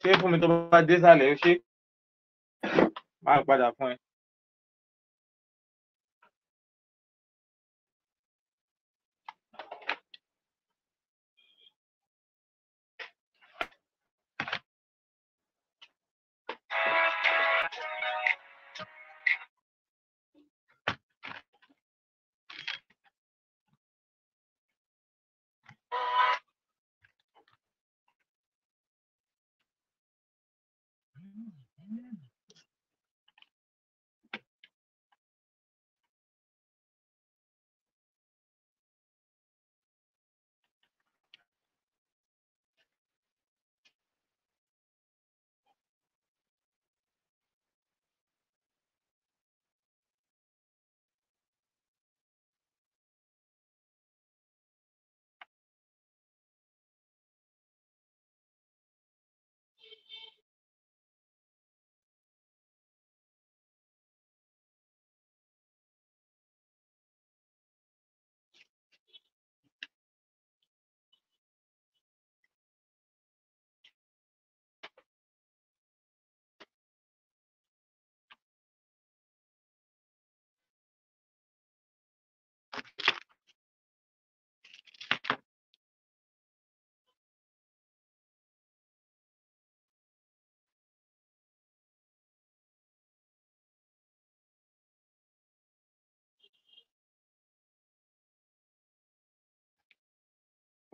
ṣé fún mi tó bá dé sàlẹ̀ ó ṣe máa padà fún ẹ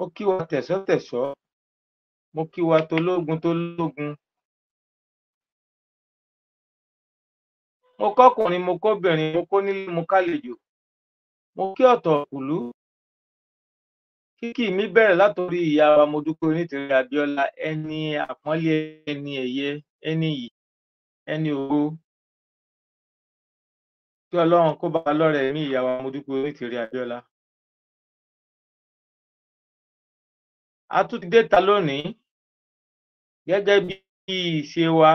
mo kí wa tẹ̀sọ́-tẹ̀sọ́ mo kí wa tológun tológun mo kọ́kùnrin mo kóbìnrin mo kó nílé mo kálejò mo kí ọ̀tọ̀ òkùlú kíkì mi bẹ̀rẹ̀ látòrí ìyá wa mo dúpẹ́ onítìrí abíọ́lá ẹni àpọ́nlé ẹni ẹ̀yẹ ẹni yìí ẹni ògo kí ọlọ́run kó bá lọ́rẹ̀ẹ́ mi ìyá wa mo dúpẹ́ onítìrí abíọ́lá. a tún ti déta lónìí gẹ́gẹ́ bí ìṣe wa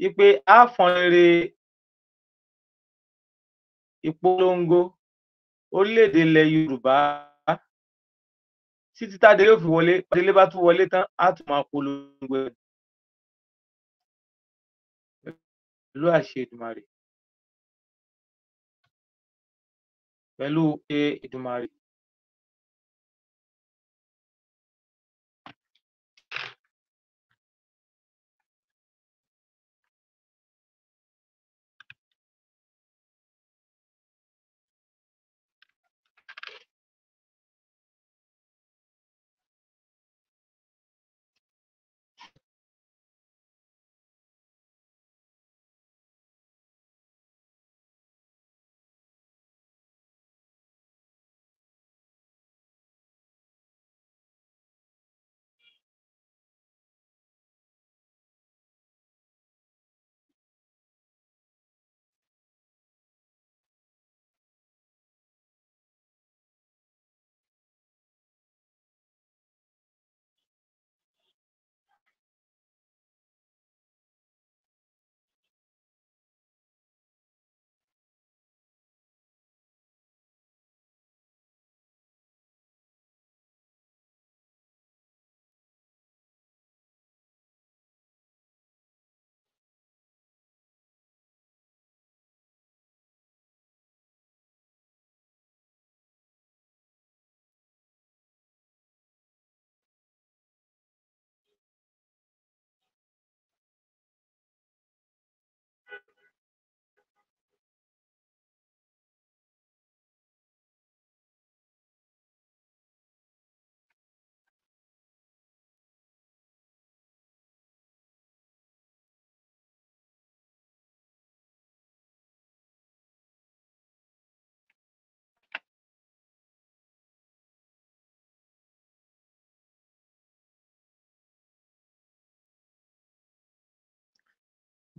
wípé a fọn rere ìpolongo orílẹ̀-èdè ilẹ̀ Yorùbá títí tádé yóò fi wọlé tádélé bá tún wọlé tán á tún máa polongo ẹ̀ pẹ̀lú àṣẹ Èdùmàrè pẹ̀lú e Èdùmàrè.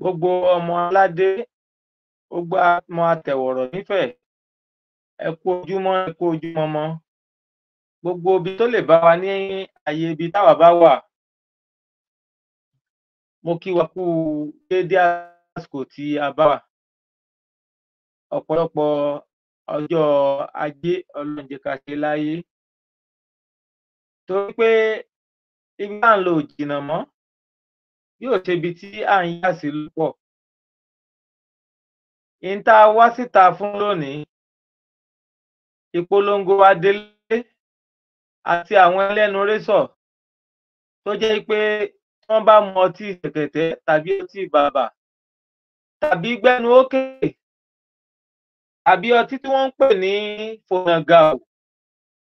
gbogbo ọmọ aládé gbogbo ọmọ àtẹwọrọ nífẹ̀ẹ́ ẹ kú ojúmọ ẹ kú ojúmọmọ gbogbo ibi tó lè bá wa ní ààyè ibi táwa bá wà mo kí wa kú déédéé àsìkò tí a bá wà ọ̀pọ̀lọpọ̀ ọjọ́ ajé Ọlọ́run ṣe láyé torí pé ibi tá à ń lọ jìnnà mọ́ yóò ṣe ibi tí à ń yà sí lọ́pọ̀. ìta wá síta fún lónìí ìpolongo adélé àti àwọn ẹlẹ́nu rẹ́sọ̀ tó jẹ́ pé wọ́n bá mu ọtí ṣẹ̀kẹ̀tẹ̀ tàbí ọtí bàbà tàbí gbẹ́nu ókè àbí ọtí tí wọ́n ń pè ní fònàgàù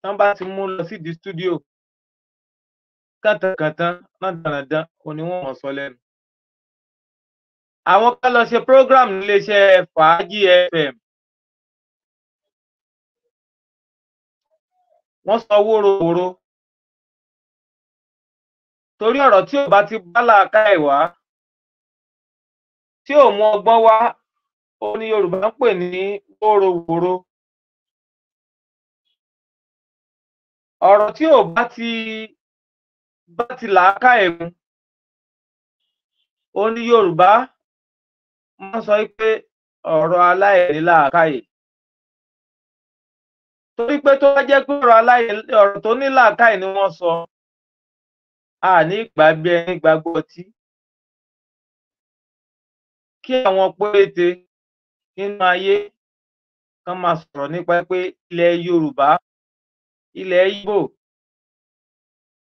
tán bá ti mú lọ sídìí stúdíò kàtàkàtà rádaràdán òní wọn mọ sọ lẹ́nu. àwọn ká lọ ṣe program níléeṣẹ́ fàájì fm. wọ́n sọ wóróworó torí ọ̀rọ̀ tí ò bá ti bá làákà ẹ̀ wá tí ò mú ọgbọ́n wá ó ní Yorùbá ń pè ní wóróworó. ọ̀rọ̀ tí ò bá ti bá ti làákà ẹ̀mú ó ní yorùbá wọ́n sọ pé ọ̀rọ̀ aláìrí làákàyè torí pé tó bá jẹ́ pé ọ̀rọ̀ aláìrí ọ̀rọ̀ tó ní làákàyè ni wọ́n sọ àní ìgbà bí ẹni gbàgbọ́ ọtí kí àwọn péréte nínú ayé kan máa sọ̀rọ̀ nípa pé ilẹ̀ yorùbá ilẹ̀ ibo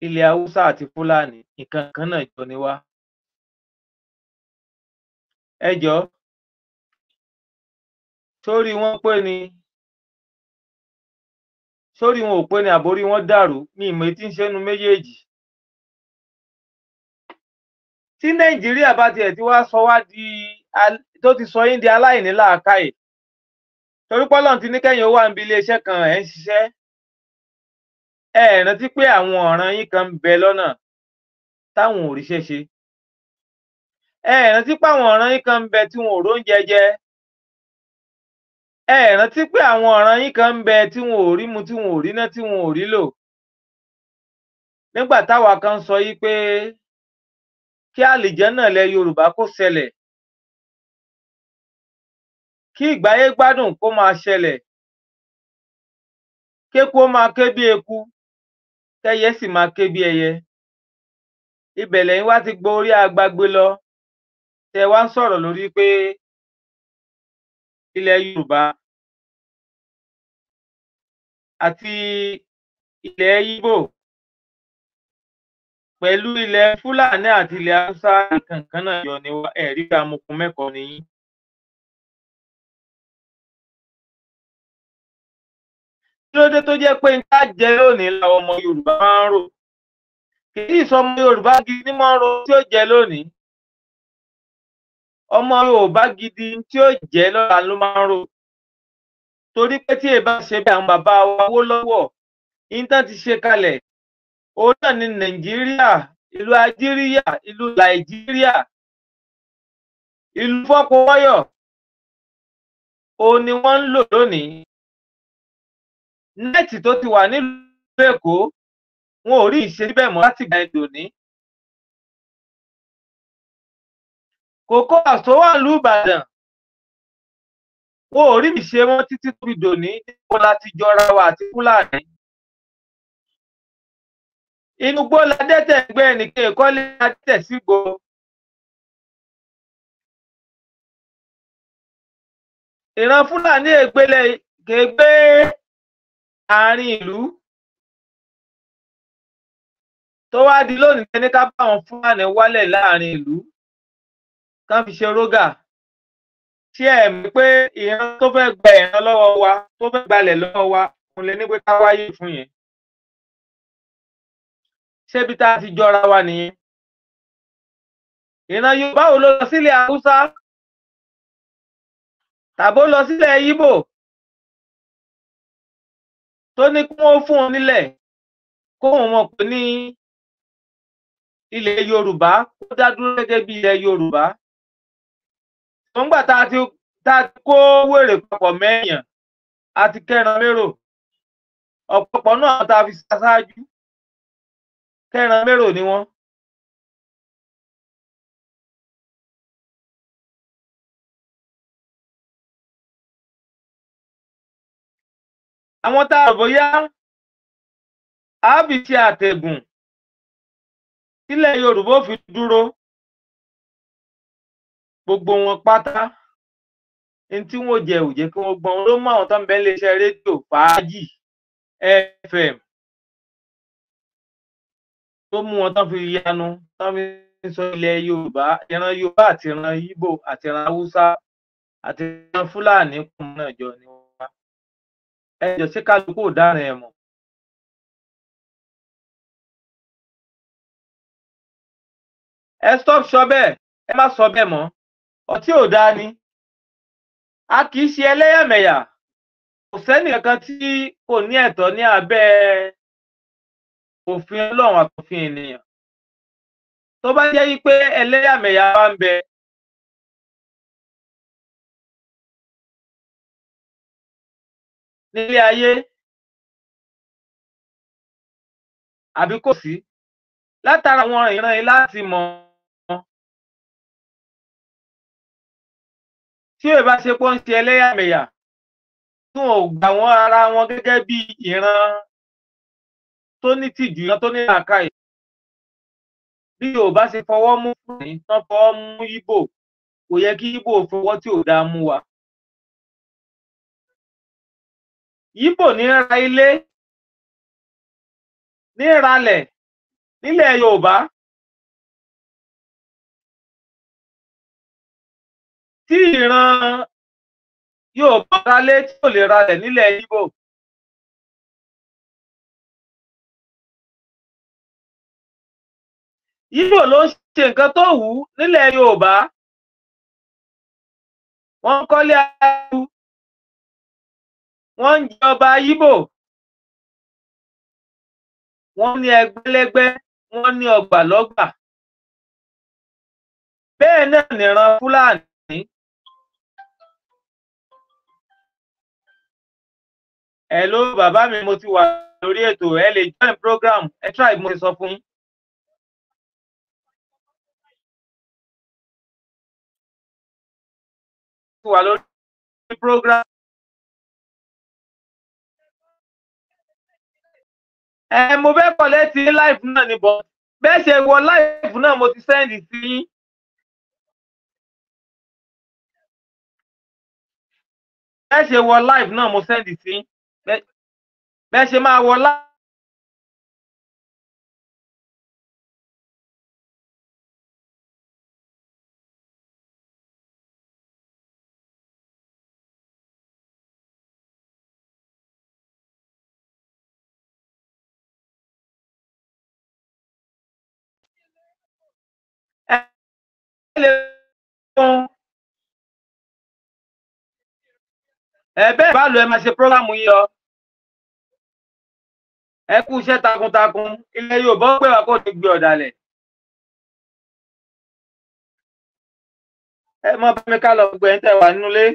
ilẹ haúsá àti fúlàní nǹkan kan náà jọ ni wá ẹ jọ sórí wọn pé ni sórí wọn ò pé ni àbórí wọn dàrú ní ìmọ̀ tí ń ṣẹ́nu méjèèjì tí nàìjíríà bá tiẹ̀ ti wá sọ wá di tó ti sọ yín di aláìní làákàyè torí pé ti ní kẹ́yìn owó àǹbí iléeṣẹ́ kan ẹ̀ ń ṣiṣẹ́ ẹ rántí pé àwọn ọ̀ràn yín kan ń bẹ lọ́nà táwọn ò ríṣẹ́ ṣe ẹ rántí pé àwọn ọ̀ràn yín kan ń bẹ tí wọn ò róúnjẹ jẹ ẹ rántí pé àwọn ọ̀ràn yín kan ń bẹ tí wọn ò rí mu tí wọn ò rí ná tí wọn ò rí lò nígbà táwa kan sọ yìí pé kí àlìjẹ́nà lẹ Yorùbá kó ṣẹlẹ̀ kí ìgbáyé gbádùn kó máa ṣẹlẹ̀ kéku ó máa ké bí eku tẹ́yẹ sì máa ké bí ẹyẹ ibẹ̀ lẹ́yìn wá ti gbọ orí agbágbé lọ tẹ wá ń sọ̀rọ̀ lórí pé ilẹ̀ yorùbá àti ilẹ̀ Ìgbò pẹ̀lú ilẹ̀ fúlàní àti ilẹ̀ haúsá nìkan kan náà yọ ni wá ẹ̀rí amukun mẹ́kọ̀ọ́ nìyí ló dé tó jẹ́ pé n ká jẹ lónìí làwọn ọmọ Yorùbá máa ń rò kì í sọmọ Yorùbá gidi máa ń ro tí ó jẹ lónìí ọmọ Yorùbá gidi tí ó jẹ lọ́la ló máa ń rò torí pé tí èèbá ṣe bí àwọn bàbá wa wó lọ́wọ́ intan ti ṣe kalẹ̀ òun náà ni Nàìjíríà ìlú Algeria ìlú Nàìjíríà ìlú fọ́pọ̀ wáyọ̀ òun ni wọ́n ń lò lónìí. nẹ́ẹ̀tì tó ti wà nílùú èkó wọn ò rí ìṣe níbẹ̀ mọ́ láti gba ẹ̀dùn ní. kókó àṣọ wà lù ìbàdàn wọn ò rí ìṣe wọn títí tó fi dòní níbo la ti jọra wa àti fúlàní. inú gbó la dẹ́tẹ̀ gbẹ́ ẹnìkan ìkọ́lé la dẹ́tẹ̀ sígbó. ìran fúlàní ègbélé kèégbé àárín ìlú tó wá di lónìí tẹ́ ní ká bá àwọn fúlàní wálẹ̀ láàrin ìlú kán fi ṣe rógà ṣé ẹ mọ̀ pé ìran tó fẹ́ gba ìran lọ́wọ́ wa tó fẹ́ gbalẹ̀ lọ́wọ́ wa òun lè ní pé ká wáyé fún yẹn ṣébi tá a ti jọra wa nìyẹn ìran Yorùbá ò lọ sílẹ̀ Haúsá tàbó lọ sílẹ̀ Ìgbò tó ní kí wọ́n fún un nílẹ̀ kóun mọ̀ pé ní ilẹ̀ yorùbá ó dá dúró gẹ́gẹ́ bí ilẹ̀ yorùbá nígbà tá a ti kó wèrè papọ̀ mẹ́yàn a ti kẹ́ran mérò ọ̀pọ̀pọ̀ náà tá a fi ṣáájú kẹ́ran mérò ni wọ́n àwọn tá a bóyá àábì ṣe àtẹ̀gùn sílẹ̀ yorùbá fi dúró gbogbo wọn pátá ní tí wọn ò jẹ kí wọn gbọn ló mọ àwọn tó ń bẹ iléeṣẹ́ rédíò fàájì fm tó mú wọn tán fi yanu tán fi ń sọ ilẹ̀ yorùbá ìran yorùbá àti ìran ibo àti ìran haúsá àti ìran fúlàní kùn jọ ni ẹjọ sí kálukú ọ̀daràn ẹ mọ. ẹ stop sọ bẹ́ẹ̀ ẹ má sọ bẹ́ẹ̀ mọ́ ọtí ò dáa ni a kì í ṣe ẹlẹ́yàmẹ̀yà kò sẹ́nìkankan tí kò ní ẹ̀tọ́ ní abẹ́ òfin Ọlọ́run àtòfin ènìyàn tó bá jẹ́ wípé ẹlẹ́yàmẹ̀yà bá ń bẹ nílé ayé àbí kò sí látara àwọn ìran yìí láti mọ tí ò bá ṣe pé ó ń ṣe ẹlẹ́yàmẹ̀yà tí wọn ò gbà wọ́n ara wọn gẹ́gẹ́ bí ìran tó ní tìjú ìran tó ní làákàyè bí ò bá ṣe fọwọ́ mú fún mi tán fọwọ́ mú Ìgbò kò yẹ kí Ìgbò fọwọ́ tí ò dáa mú wa. Ìgbò ní ra ilé ní ìralẹ̀ nílẹ̀ Yorùbá tí ìran Yorùbá ralé tí ò lè ralẹ̀ nílẹ̀ Ìgbò. Ìgbò ló ń ṣe nǹkan tó wù ú nílẹ̀ Yorùbá wọ́n kọ́lé aláriwo wọn ń jọba ibo wọn ní ẹgbẹlẹgbẹ wọn ní ọgbàlọgbà bẹ́ẹ̀ náà nìran fúlàní ẹ ló bàbá mi mo ti wà lórí ètò ẹ lè join program ẹ try mo ti sọ fún yín. ti wà lórí program. ẹ mo fẹ́ kọ̀lẹ́tì live náà ni bọ̀ bẹ́ẹ̀ ṣe wọ live náà mo ti sẹ́ndì sí yín. bẹ́ẹ̀ ṣe wọ live náà mo sẹ́ndì sí yín bẹ́ẹ̀ ṣe máa wọ live. o ẹ bẹ́ẹ̀ bá lọ ẹ máa ṣe prógrámù yìí lọ ẹ kú iṣẹ́ takuntakun ilẹ̀ Yorùbá ó pè wá kó lè gbé ọ̀dàlẹ̀ ẹ mọ bá mi ká lọ gbẹ ń tẹ wà nínú ilé.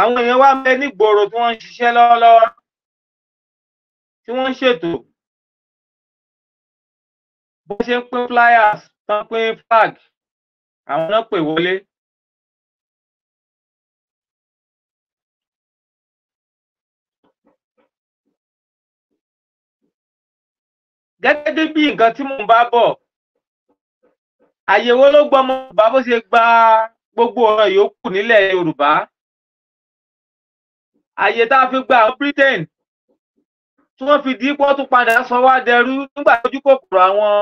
àwọn èèyàn wá mẹ nígboro tí wọ́n ń ṣiṣẹ́ lọ́wọ́lọ́wọ́ tí wọ́n ń ṣètò wọ́n ṣe ń pín flyers tán pín flag àwọn náà pè wọlé. gẹ́gẹ́ bí nǹkan tí mò ń bá bọ̀ àyẹ̀wò ló gbọ́ ọmọ Yorùbá bó ṣe gba gbogbo ọ̀ràn yòókù nílẹ̀ Yorùbá àyè tá a fi gba àwọn Britain tí wọ́n fi dípọ́ tún padà sọ wá dẹrú nígbà tójú kòkòrò àwọn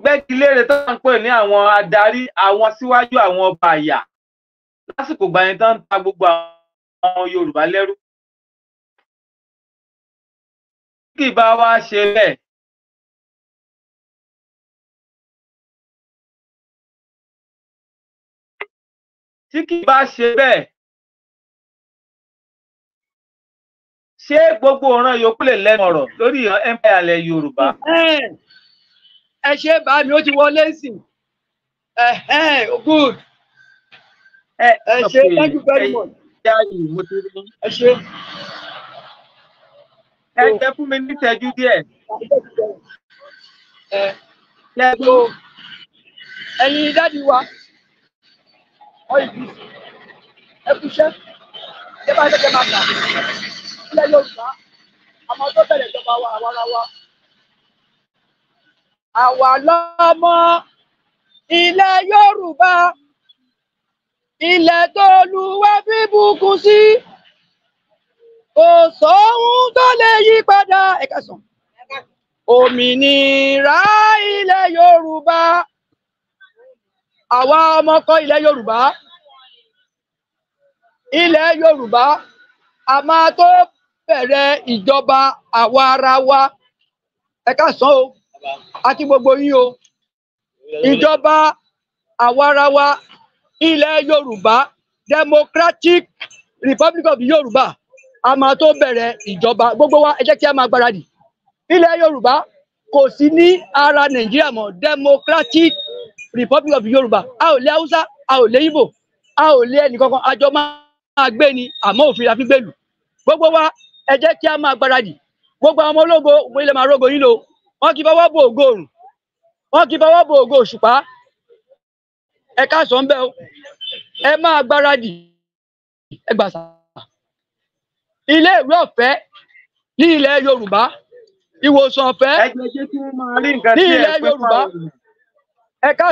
gbẹ́gilére tó ń pè ní àwọn adarí àwọn síwájú àwọn ọba àyà lásìkò ìgbà yẹn tó ń ta gbogbo àwọn Yorùbá lẹ́rú. kì bá wá ṣe bẹ́ẹ̀ tí kì bá ṣe bẹ́ẹ̀ ṣé gbogbo ọ̀ràn yòókù lè lẹ́nu ọ̀rọ̀ lórí empire alẹ̀ yorùbá. ẹ ṣe bá mi ó ti wọlé sí good ẹ ṣe thank you very much. ẹ ṣe. ẹ jẹ́ fún mi nítẹ̀jú díẹ̀. lẹ́gbọ́ ẹ̀yin dáàdi wa ọ̀ ìbí ẹ kú iṣẹ́ ẹ bá ṣe kẹ́ máa kà ilẹ̀ Yorùbá àmọ́ tó bẹ̀rẹ̀ ìjọba wa àwarawa. Àwa lọ́mọ ilẹ̀ Yorùbá ilẹ̀ tó lúwẹ́ bíbùkún sí kò sóhun tó lè yí padà ẹ̀ka sàn. Òmìnira ilẹ̀ Yorùbá àwa ọmọkọ ilẹ̀ Yorùbá ilẹ̀ Yorùbá a tó bẹ̀rẹ̀ ìjọba àwa ara wa ẹ káàsán o àti gbogbo yín o ìjọba àwa ara wa ilẹ̀ Yorùbá Democratic Republic of Yorùbá a máa tó bẹ̀rẹ̀ ìjọba gbogbo wa ẹ jẹ́ kí a máa gbáradì ilẹ̀ Yorùbá kò sí ní ara Nàìjíríà mọ́ Democratic Republic of Yorùbá a ò lé Haúsá a ò lé Ìgbò a ò lé ẹnìkankan àjọ máa gbé ni àmọ́ òfin la fi gbèlú gbogbo wa ẹ jẹ́ kí a gbogbo àwọn ọmọ ológo òun ilẹ̀ máa wọn kì í fọwọ́ bo ògo òrùn wọn kì í fọwọ́ bo ògo òṣùpá ẹ káàsán o ẹ máa gbaradì ẹ ilé ìwé ọ̀fẹ́ ní ilẹ̀ Yorùbá ìwòsàn ọ̀fẹ́ ní ilẹ̀ Yorùbá ẹ o.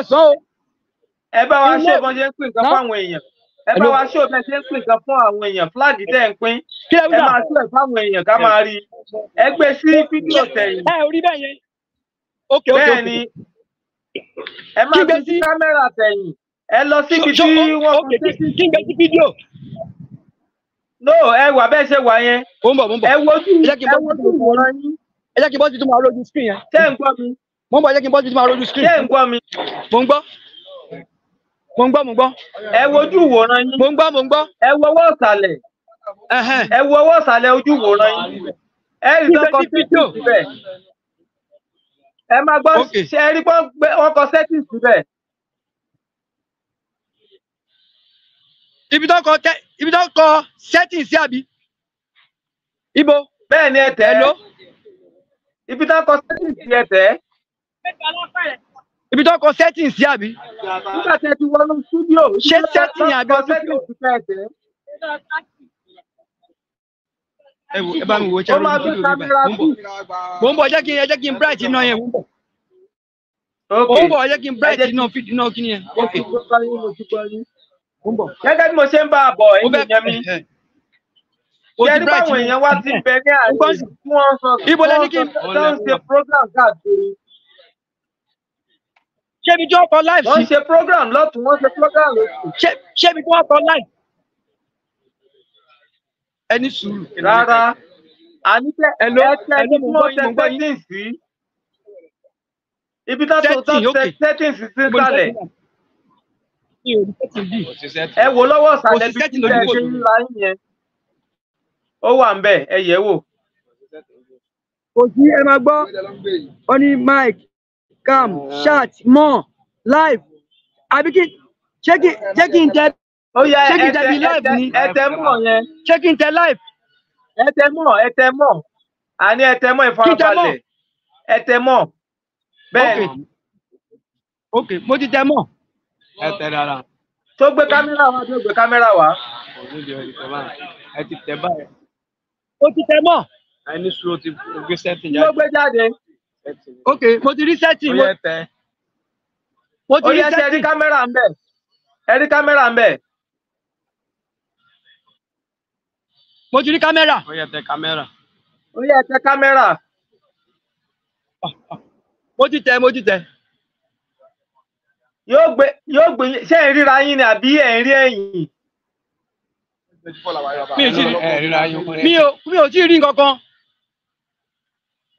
fún àwọn èèyàn ẹ bá wa ṣe fún àwọn èèyàn tẹ́ ń pín ẹ máa sílẹ̀ fáwọn èèyàn ká máa rí ẹ gbé sí fídíò tẹ̀yìn. ẹ ò rí bẹ́ẹ̀ yẹn. ókè ókè bẹ́ẹ̀ ni ẹ máa gbé sí kámẹ́rà tẹ̀yìn ẹ lọ síbi tí wọ́n fi sí. kí n gbé sí fídíò. no ẹ wà bẹ́ẹ̀ ṣe wà yẹn. ó ń bọ̀ ó ń ẹ wojú ìwòran yín. ẹ jẹ́ kí n bọ́ sí máa rojú screen yẹn. ṣé ń gbọ́ mi. mo ń bọ̀ ẹ jẹ́ kí n bọ́ sí máa rojú screen. ṣé ń gbọ́ mi. mo ń gbọ́ mo ń gbọ́ mo ń gbọ́. ẹ wojú ìwòran yín. mo ń gbọ́ mo ń gbọ́. ẹ wọwọ́ ọ̀sàlẹ̀ ẹ wo ọwọ́ ìsàlẹ̀ ojú wòran yín ẹ rí tán kọ fídíò síbẹ̀ ẹ máa gbọ́ ṣe rí pé wọ́n kọ sẹ́tìn síbẹ̀. ibi tó kọ ibi tó kọ sẹ́tìn sí àbí ibo. bẹ́ẹ̀ ni ẹ tẹ̀ ló ibi tó kọ sẹ́tìn sí ẹ tẹ̀. ibi tó kọ sẹ́tìn sí àbí. nígbà tí ẹ ti wọnú stúdíò. ṣé sẹ́tìn àbí ọdún kí o ti fẹ́ tẹ̀ ẹ bá mi wo ṣe lórí fídíò mi báyìí mo ń bọ̀ jẹ́ kí ẹ jẹ́ kí n bright iná yẹn mo ń bọ̀ mo kí n bright iná fídíò iná kí ni yẹn gẹ́gẹ́ bí mo ṣe ń bá a bọ̀ ẹ̀yìn yẹn mi ṣe ní báwọn èèyàn wá ti bẹ ní àyè tí wọ́n sọ tí wọ́n sọ ṣe program káàkiri. ṣé mi tí wọ́n kọ live sí. wọ́n ṣe program lọ́tún wọ́n ṣe program lọ́tún. ṣé mi tí wọ́n kọ live ẹni sùúrù. rárá àníkẹ́ ẹ̀lọ́ ẹ̀lọ́ mo gbọ́ yín mo gbọ́ yín. ibi tó tó settings sí sálẹ̀. ẹ wo lọ́wọ́ sálẹ̀ bí kí ẹ ṣe ń la yín yẹn. ó wà ń bẹ̀ ẹ yẹ̀ wò. kò sí ẹ máa gbọ́ ó ní cam ah. chat more live àbí kí ṣé kí n tẹ́ ó yá ṣé live ni ẹ tẹ live. ẹ tẹ mọ ẹ tẹ mọ àní ẹ tẹ mọ ìfarabalẹ̀ ẹ tẹ mọ bẹ́ẹ̀ ni. ok mo ti tẹ mọ. ẹ tẹ dára. tó gbé kámẹ́rà wá tó gbé kámẹ́rà wá. ẹ ti tẹ báyìí. ó ti tẹ mọ. ẹ ní sùúrù ti gbé sẹ́tì jáde. ó gbé jáde. ok mo ti rí sẹ́tì. ó yẹ tẹ. mo ti rí sẹ́tì. ó yẹ tẹ ẹ rí kámẹ́rà ń bẹ̀ ẹ kámẹ́rà ń bẹ̀. mo ti rí kámẹ́rà. ó yẹ tẹ kámẹ́rà. ó yẹ tẹ kámẹ́rà. mo ti tẹ mo ti tẹ. yóò gbé yóò gbé ṣé ẹ ríra yín ni àbí ẹ rí ẹ̀yìn. mi ò mi ò tí ì rí nǹkan kan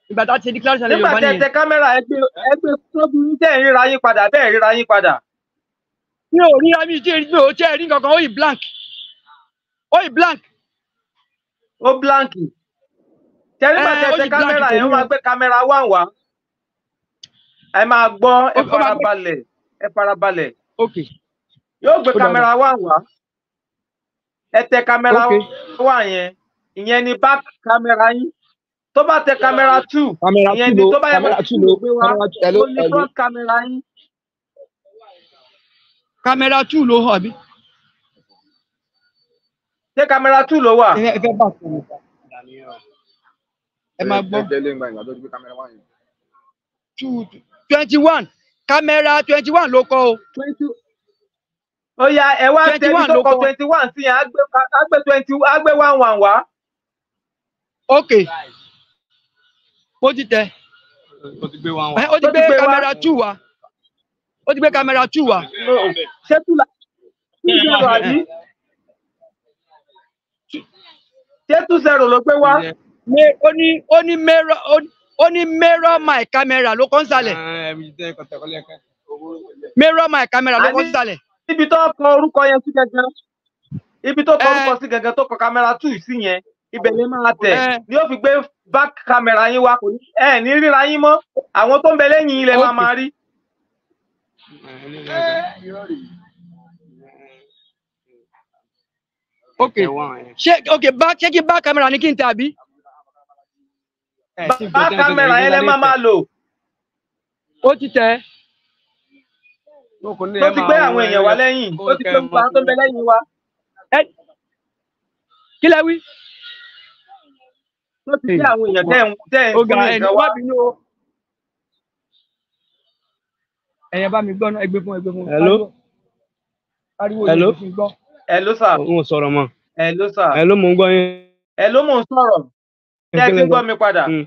ìgbà tá a ti di clarissa ní yorùbá nìyẹn. nígbà tẹ kámẹ́rà ẹgbẹ́ ẹgbẹ́ tóbi ń tẹ̀ ríra yín padà bẹ́ẹ̀ ríra yín padà. mi ò ríra mi ò tí ì rí nǹkan ó yì blank ó yì blank ó blanki tẹríba tẹsẹ kámẹ́rà yẹn wá gbé kámẹ́rà wá wá ẹ máa gbọ́ ẹ farabalẹ̀ ẹ farabalẹ̀ yóò gbé kámẹ́rà wá wá ẹ tẹ kámẹ́rà wá yẹn ìyẹn ni back kámẹ́rà yín tó bá tẹ kámẹ́rà two ìyẹn ni tó bá yẹ kó tún lò gbé wá ó ní front kámẹ́rà yín. kámẹ́rà two ló hàn bí. ṣé kámẹ́rà two ló wà. ẹ fẹ́ bá a sọ̀rọ̀ ẹ máa gbọ́. twenty one kámẹ́rà twenty one ló kọ o. Oya yá ẹ wá tẹ̀lé tó kọ twenty one sí yẹn á gbé twenty á gbé one one wá. ok mo ti tẹ ó ti gbé kámẹ́rà two wá ó ti gbé kámẹ́rà wá. ṣé tẹ́tù zero ló gbé wá ó ní ó ní mẹ́rọ ó ní mẹ́rọ my camera ló kàn sálẹ̀ ah, mẹ́rọ my camera ló kàn sálẹ̀. ibi tó kọ orúkọ yẹn sí gẹ́gẹ́ ibi tó kọ eh. orúkọ sí gẹ́gẹ́ tó kọ camera two sí yẹn ibẹ̀ lè máa tẹ̀ eh. ni ó fi gbé back camera yín wá kò ní ẹ̀ eh, ní ríra yín mọ́ àwọn tó ń bẹ lẹ́yìn ilẹ̀ máa máa rí. ok ṣé ok bá ṣé kí bá kámẹ́rà ní kí n tẹ àbí. Eh, bá kámẹ́rà yẹn lẹ́ máa máa lò. ó ti tẹ. tó ti gbé àwọn èèyàn wá lẹ́yìn ó ti gbé gbogbo àwọn tó ń bẹ lẹ́yìn wa. kí lẹ wí. tó ti gbé àwọn èèyàn tẹ́ ń tẹ́ ń fún ìgbà wá bínú bá mi gbọ́ ẹgbẹ́ fún ẹgbẹ́ fún. hello hello ẹ ló sà. n ò sọ̀rọ̀ mọ́. ẹ ló sà. ẹ ló mò ń gbọ́ yín. ẹ ló mò ń sọ̀rọ̀. ṣé ẹ ti gbọ́ mi padà. Mm.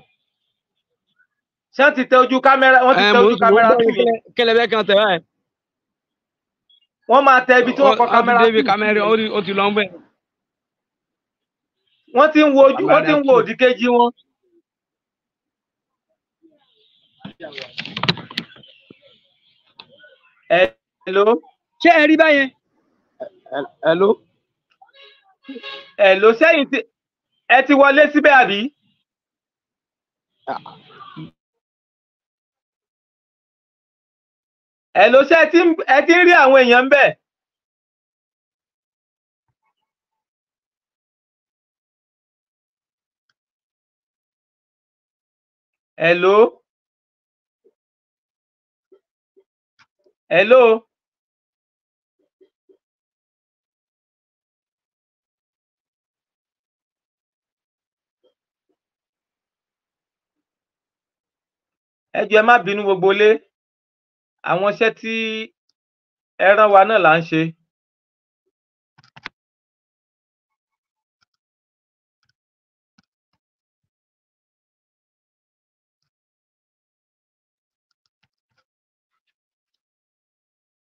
ṣé wọ́n ti tẹ ojú kámẹ́rà wọ́n ti tẹ ojú kámẹ́rà sí mi. kẹlẹbẹ kan tẹ báyìí. wọ́n máa tẹ ibi tí wọ́n kọ kámẹ́rà sí mi. kámẹ́rà ó ti lọ ń wọ́n ti ń wo ojú wọ́n ti ń wo òdì kejì wọn. Hello. ṣé ẹ rí báyẹn hello. hello sẹ́yìn tí ẹ ti wọlé síbẹ̀ àbí. hello ṣé ẹ ti ń rí àwọn èèyàn ń bẹ̀. hello. hello. ẹ jọ̀ọ́ ẹ má bínú gbogbo ilé àwọn iṣẹ́ tí ẹ rán wa náà là ń ṣe.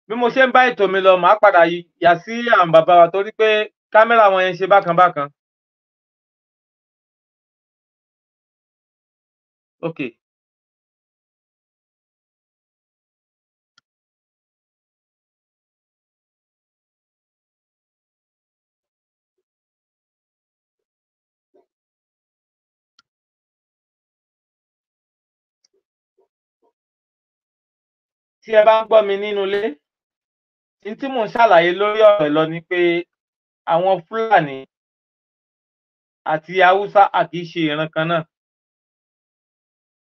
bí mo ṣe ń bá ètò mi lọ màá padà yà sí àwọn bàbá wa torí pé kámẹ́rà wọn yẹn ṣe bákan bákan. okay. tí ẹ bá ń gbọ́ mi nínú ilé ní tí mò ń ṣàlàyé lórí ọ̀rọ̀ ẹ̀ lọ ni pé àwọn fúlàní àti haúsá a kì í ṣe ìran kan náà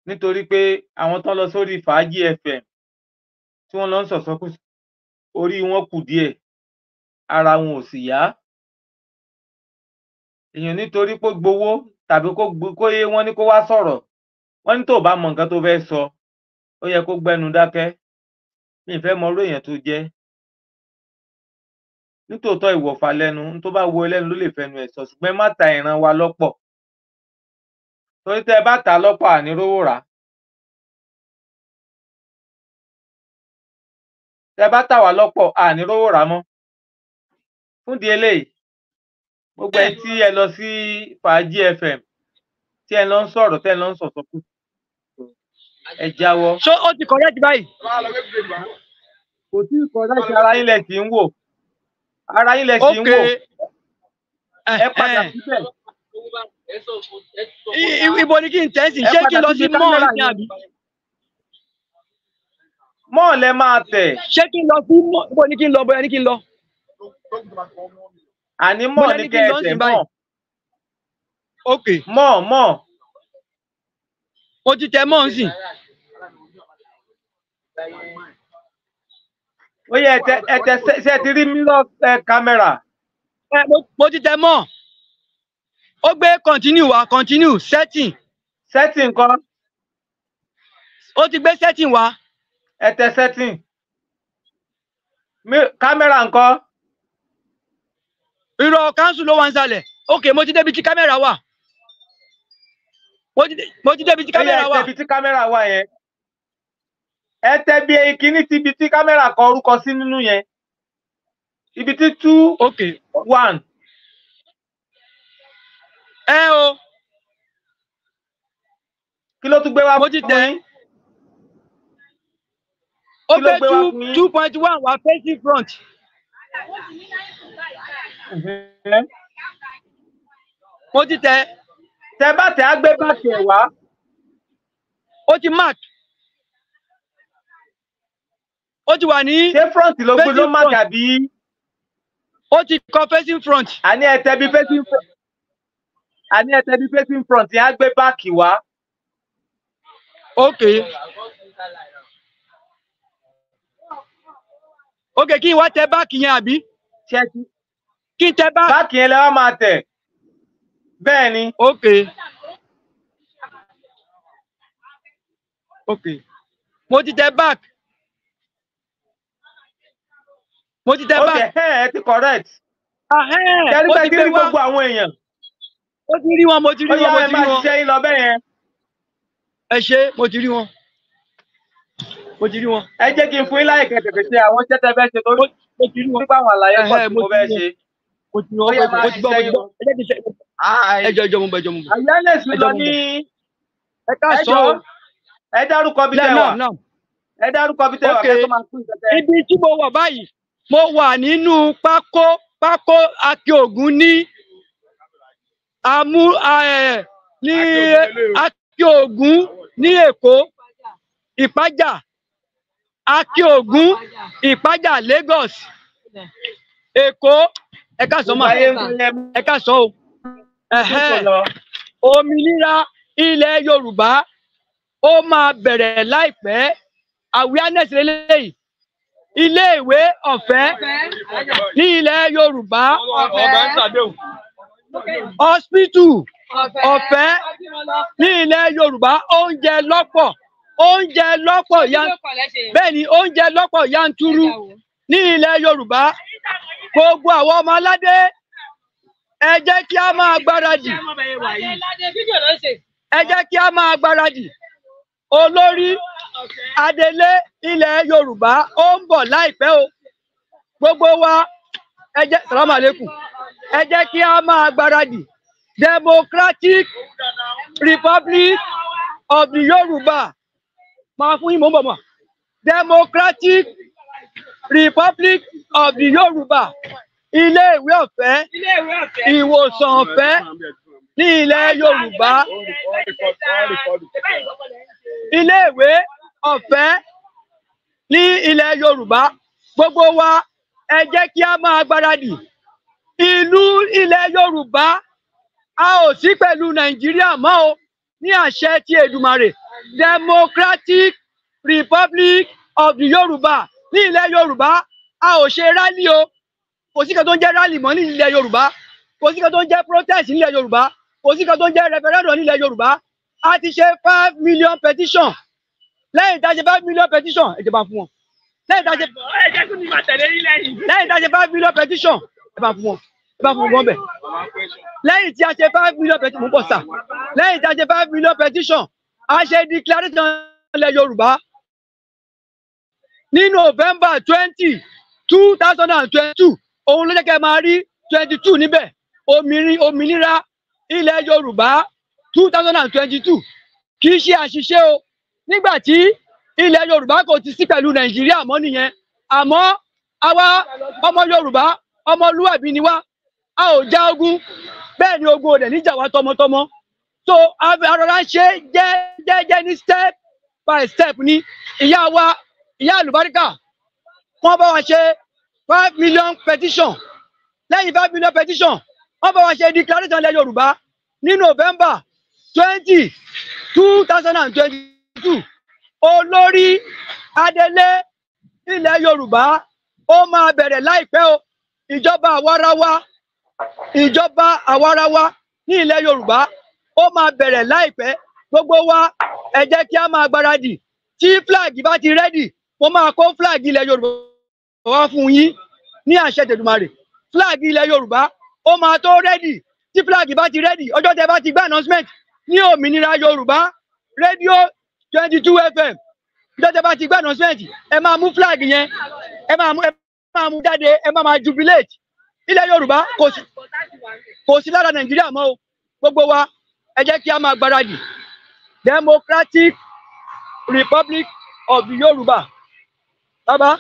nítorí pé àwọn tán lọ sórí fàájì fm tí wọ́n lọ ń sọ̀sọ́kù orí wọn kù díẹ̀ ara wọn ò sì yá èèyàn nítorí pé gbowó tàbí kó yé wọn ní kó wá sọ̀rọ̀ wọn ní tó bá mọ nǹkan tó fẹ́ sọ ó yẹ kó gbẹnu dákẹ́ mi ì fẹ́ mọ orú èèyàn tó jẹ́ nítòótọ́ ìwọ̀fà lẹ́nu tó bá wo ẹlẹ́nu ló lè fẹnu ẹ̀ sọ ṣùgbọ́n ẹ má ta ìran wa lọ́pọ̀ torí tẹ́ ẹ bá ta lọ́pọ̀ àní rówó rà tẹ́ ẹ bá tà wá lọ́pọ̀ àní rówó rà mọ́ fúndìí eléyìí gbogbo ẹ tí ẹ lọ sí fàájì fm tí ẹ lọ ń sọ̀rọ̀ tẹ́ ẹ lọ ń sọ̀sọ́kùsọ ẹ jáwọ́. ṣó o ti correct báyìí. kò tí ì correct ara yín lẹ ti ń wò ara yín lẹ ti ń wò ẹ eh, padà eh. síbẹ̀. ibo ni kí n tẹ́sí ṣé kí n lọ sí mọ́ọ̀lù ní àbí. mọ́ọ̀lù ẹ máa tẹ̀. ṣé kí n lọ sí mọ́ọ̀lù ibo ni kí n lọ bóyá ni kí n lọ. àní mọ́ọ̀ ni kẹ́ ẹ tẹ̀ mọ́ọ̀. ok mọ́ọ̀ mọ́ọ̀ mo ti tẹ mọ́ nsìn. ó yẹ ẹ tẹ ṣe ti rí mirror camera mo ti tẹ mọ́ ó gbé continue wá continue setting setting kan ó ti gbé setting wá. ẹ tẹ setting kámẹ́rà ńkọ́. irọ́ káńsù ló wà ń sàlẹ̀ ok mo ti débi tí kámẹ́rà wà mo ti débi tí kámẹ́rà wà. ẹ tẹbi tí kámẹ́rà wà yẹn ẹ tẹbi kíní síbi tí kámẹ́rà kọ orúkọ sí nínú yẹn ibi tí two one. ẹ o. kí ló tún gbé wá fún mi. mo ti ó gbé two two point one wá facing front. mo ti tẹ tẹ bá tẹ á gbé báàkì ẹ wá ó ti mark ó ti wà ní. ṣé front ló gbé ló mark àbí. ó ti kọ facing front. àní ẹ tẹ bí facing front àní ẹ tẹ bí facing front yẹn á gbé báàkì wá. ok. ok kí n wá tẹ báàkì yẹn àbí. kí n tẹ báàkì yẹn lẹ wá máa tẹ bẹ́ẹ̀ ni. ok ok mo ti tẹ back mo ti tẹ back. ok ẹ ti correct. kẹ́rígbẹ́ ah, ti rí gbogbo àwọn èèyàn. ó ti rí wọn mo ti rí wọn mo ti rí wọn. ó yára máa ṣiṣẹ́ yín lọ bẹ́ẹ̀ yẹn. ẹ ṣe mo ti rí wọn mo ti rí wọn. ẹ jẹ́ kí n fún yín láyè kẹ́ ṣe àwọn iṣẹ́ tẹ́ fẹ́ ṣe lórí nípa àwọn àlàyé pọ̀ tí mo fẹ́ ṣe. mo ti rí wọn mo ti gbọ́ mo ti gbọ́ ẹjọ ẹjọ mo bọ ẹjọ mo lọ ní ẹjọ ẹ dárúkọ bí tẹ wà ẹ dárúkọ bí tẹ wà kẹ tó ibi tí mo wà báyìí mo wà nínú pákó pákó akíogun ní amú ní akíogun ẹ òmìnira ilẹ̀ yorùbá ó máa bẹ̀rẹ̀ láìpẹ́ awareness lélẹ́yìí iléèwé ọ̀fẹ́ ní ilẹ̀ yorùbá hospital ọ̀fẹ́ ní ilẹ̀ yorùbá oúnjẹ lọ́pọ̀ oúnjẹ lọ́pọ̀ bẹ́ẹ̀ ni oúnjẹ lọ́pọ̀ yanturu ní ilẹ̀ yorùbá gbogbo àwọn ọmọ aládé ẹ jẹ́ kí a máa gbáradì ẹ jẹ́ kí a máa gbáradì olórí adelé ilẹ̀ yorùbá ó ń bọ̀ láìpẹ́ o gbogbo wa ẹ jẹ́ salamu aleykum ẹ jẹ́ kí a máa gbáradì democratic republic of the yorùbá máa fún yín mò ń bọ̀ mọ́ democratic republic of the yorùbá ilé ìwé ọ̀fẹ́ ìwòsàn ọ̀fẹ́ ní ilẹ̀ Yorùbá ilé ìwé ọ̀fẹ́ ní ilẹ̀ Yorùbá gbogbo wa ẹ jẹ́ kí a máa gbáradì ìlú ilẹ̀ Yorùbá a ò sí pẹ̀lú Nàìjíríà mọ́ o ní àṣẹ ti Èdùmàrè Democratic Republic of the Yorùbá ní ilẹ̀ Yorùbá a ò ṣe rálí o kò sí kan tó ń jẹ́ rally mọ́ nílẹ̀ yorùbá kò sí kan tó ń jẹ́ protest nílẹ̀ yorùbá kò sí kan tó ń jẹ́ referendum nílẹ̀ yorùbá a ti ṣe five million petition lẹ́yìn tá a ṣe five million petition ẹ jẹba fún wọn lẹ́yìn tá a ṣe lẹ́yìn tá a ṣe five million petition ẹ bá fún wọn ẹ bá fún wọn bẹ̀ lẹ́yìn tí a ṣe five million petition mo bọ̀ sà lẹ́yìn tí a ṣe five million petition a ṣe declaration ilẹ̀ yorùbá ní november twenty two thousand and twenty two òun ló jẹ́ kẹ́ máa rí twenty two níbẹ̀ òmìnira ilẹ̀ yorùbá two thousand and twenty two kì í ṣe àṣìṣe o nígbà tí ilẹ̀ yorùbá kò ti sí pẹ̀lú nàìjíríà mọ́ nìyẹn àmọ́ àwa ọmọ yorùbá ọmọlúwàbí ni wá a ò já ogun bẹ́ẹ̀ ni ogun ò dẹ̀ níjà wá tọmọtọmọ so arọra ṣe jẹ́jẹ́jẹ́ ní step by step ni ìyá wa ìyá àlùbáríkà wọ́n bá wa ṣe five million petition lẹ́yìn five million petition wọ́n bá wa ṣe declaration lẹ́ Yorùbá ní November twenty two thousand and twenty two olórí adelé ilẹ̀ Yorùbá ó máa bẹ̀rẹ̀ láìpẹ́ o ìjọba àwarawa ìjọba àwarawa ní ilẹ̀ Yorùbá ó máa bẹ̀rẹ̀ láìpẹ́ gbogbo wa ẹ jẹ́ kí a máa gbáradì tí flag bá ti rẹ́dì mo máa kó flag ilẹ̀ Yorùbá wá fún yín ní àṣẹ tẹ̀dùmarè flag ilẹ̀ yorùbá ó máa tó rẹ́dì tí flag bá ti rẹ́dì ọjọ́ tẹ bá ti gbé announcement ní òmìnira yorùbá rédíò twenty two fm ọjọ́ tẹ bá ti gbé announcement ẹ máa mú flag yẹn ẹ máa mú ẹ máa mú jáde ẹ máa máa jubilate ilẹ̀ yorùbá kò sí kò sí lára nàìjíríà mọ́ o gbogbo wa ẹ jẹ́ kí a máa gbáradì democratic republic of yorùbá bàbá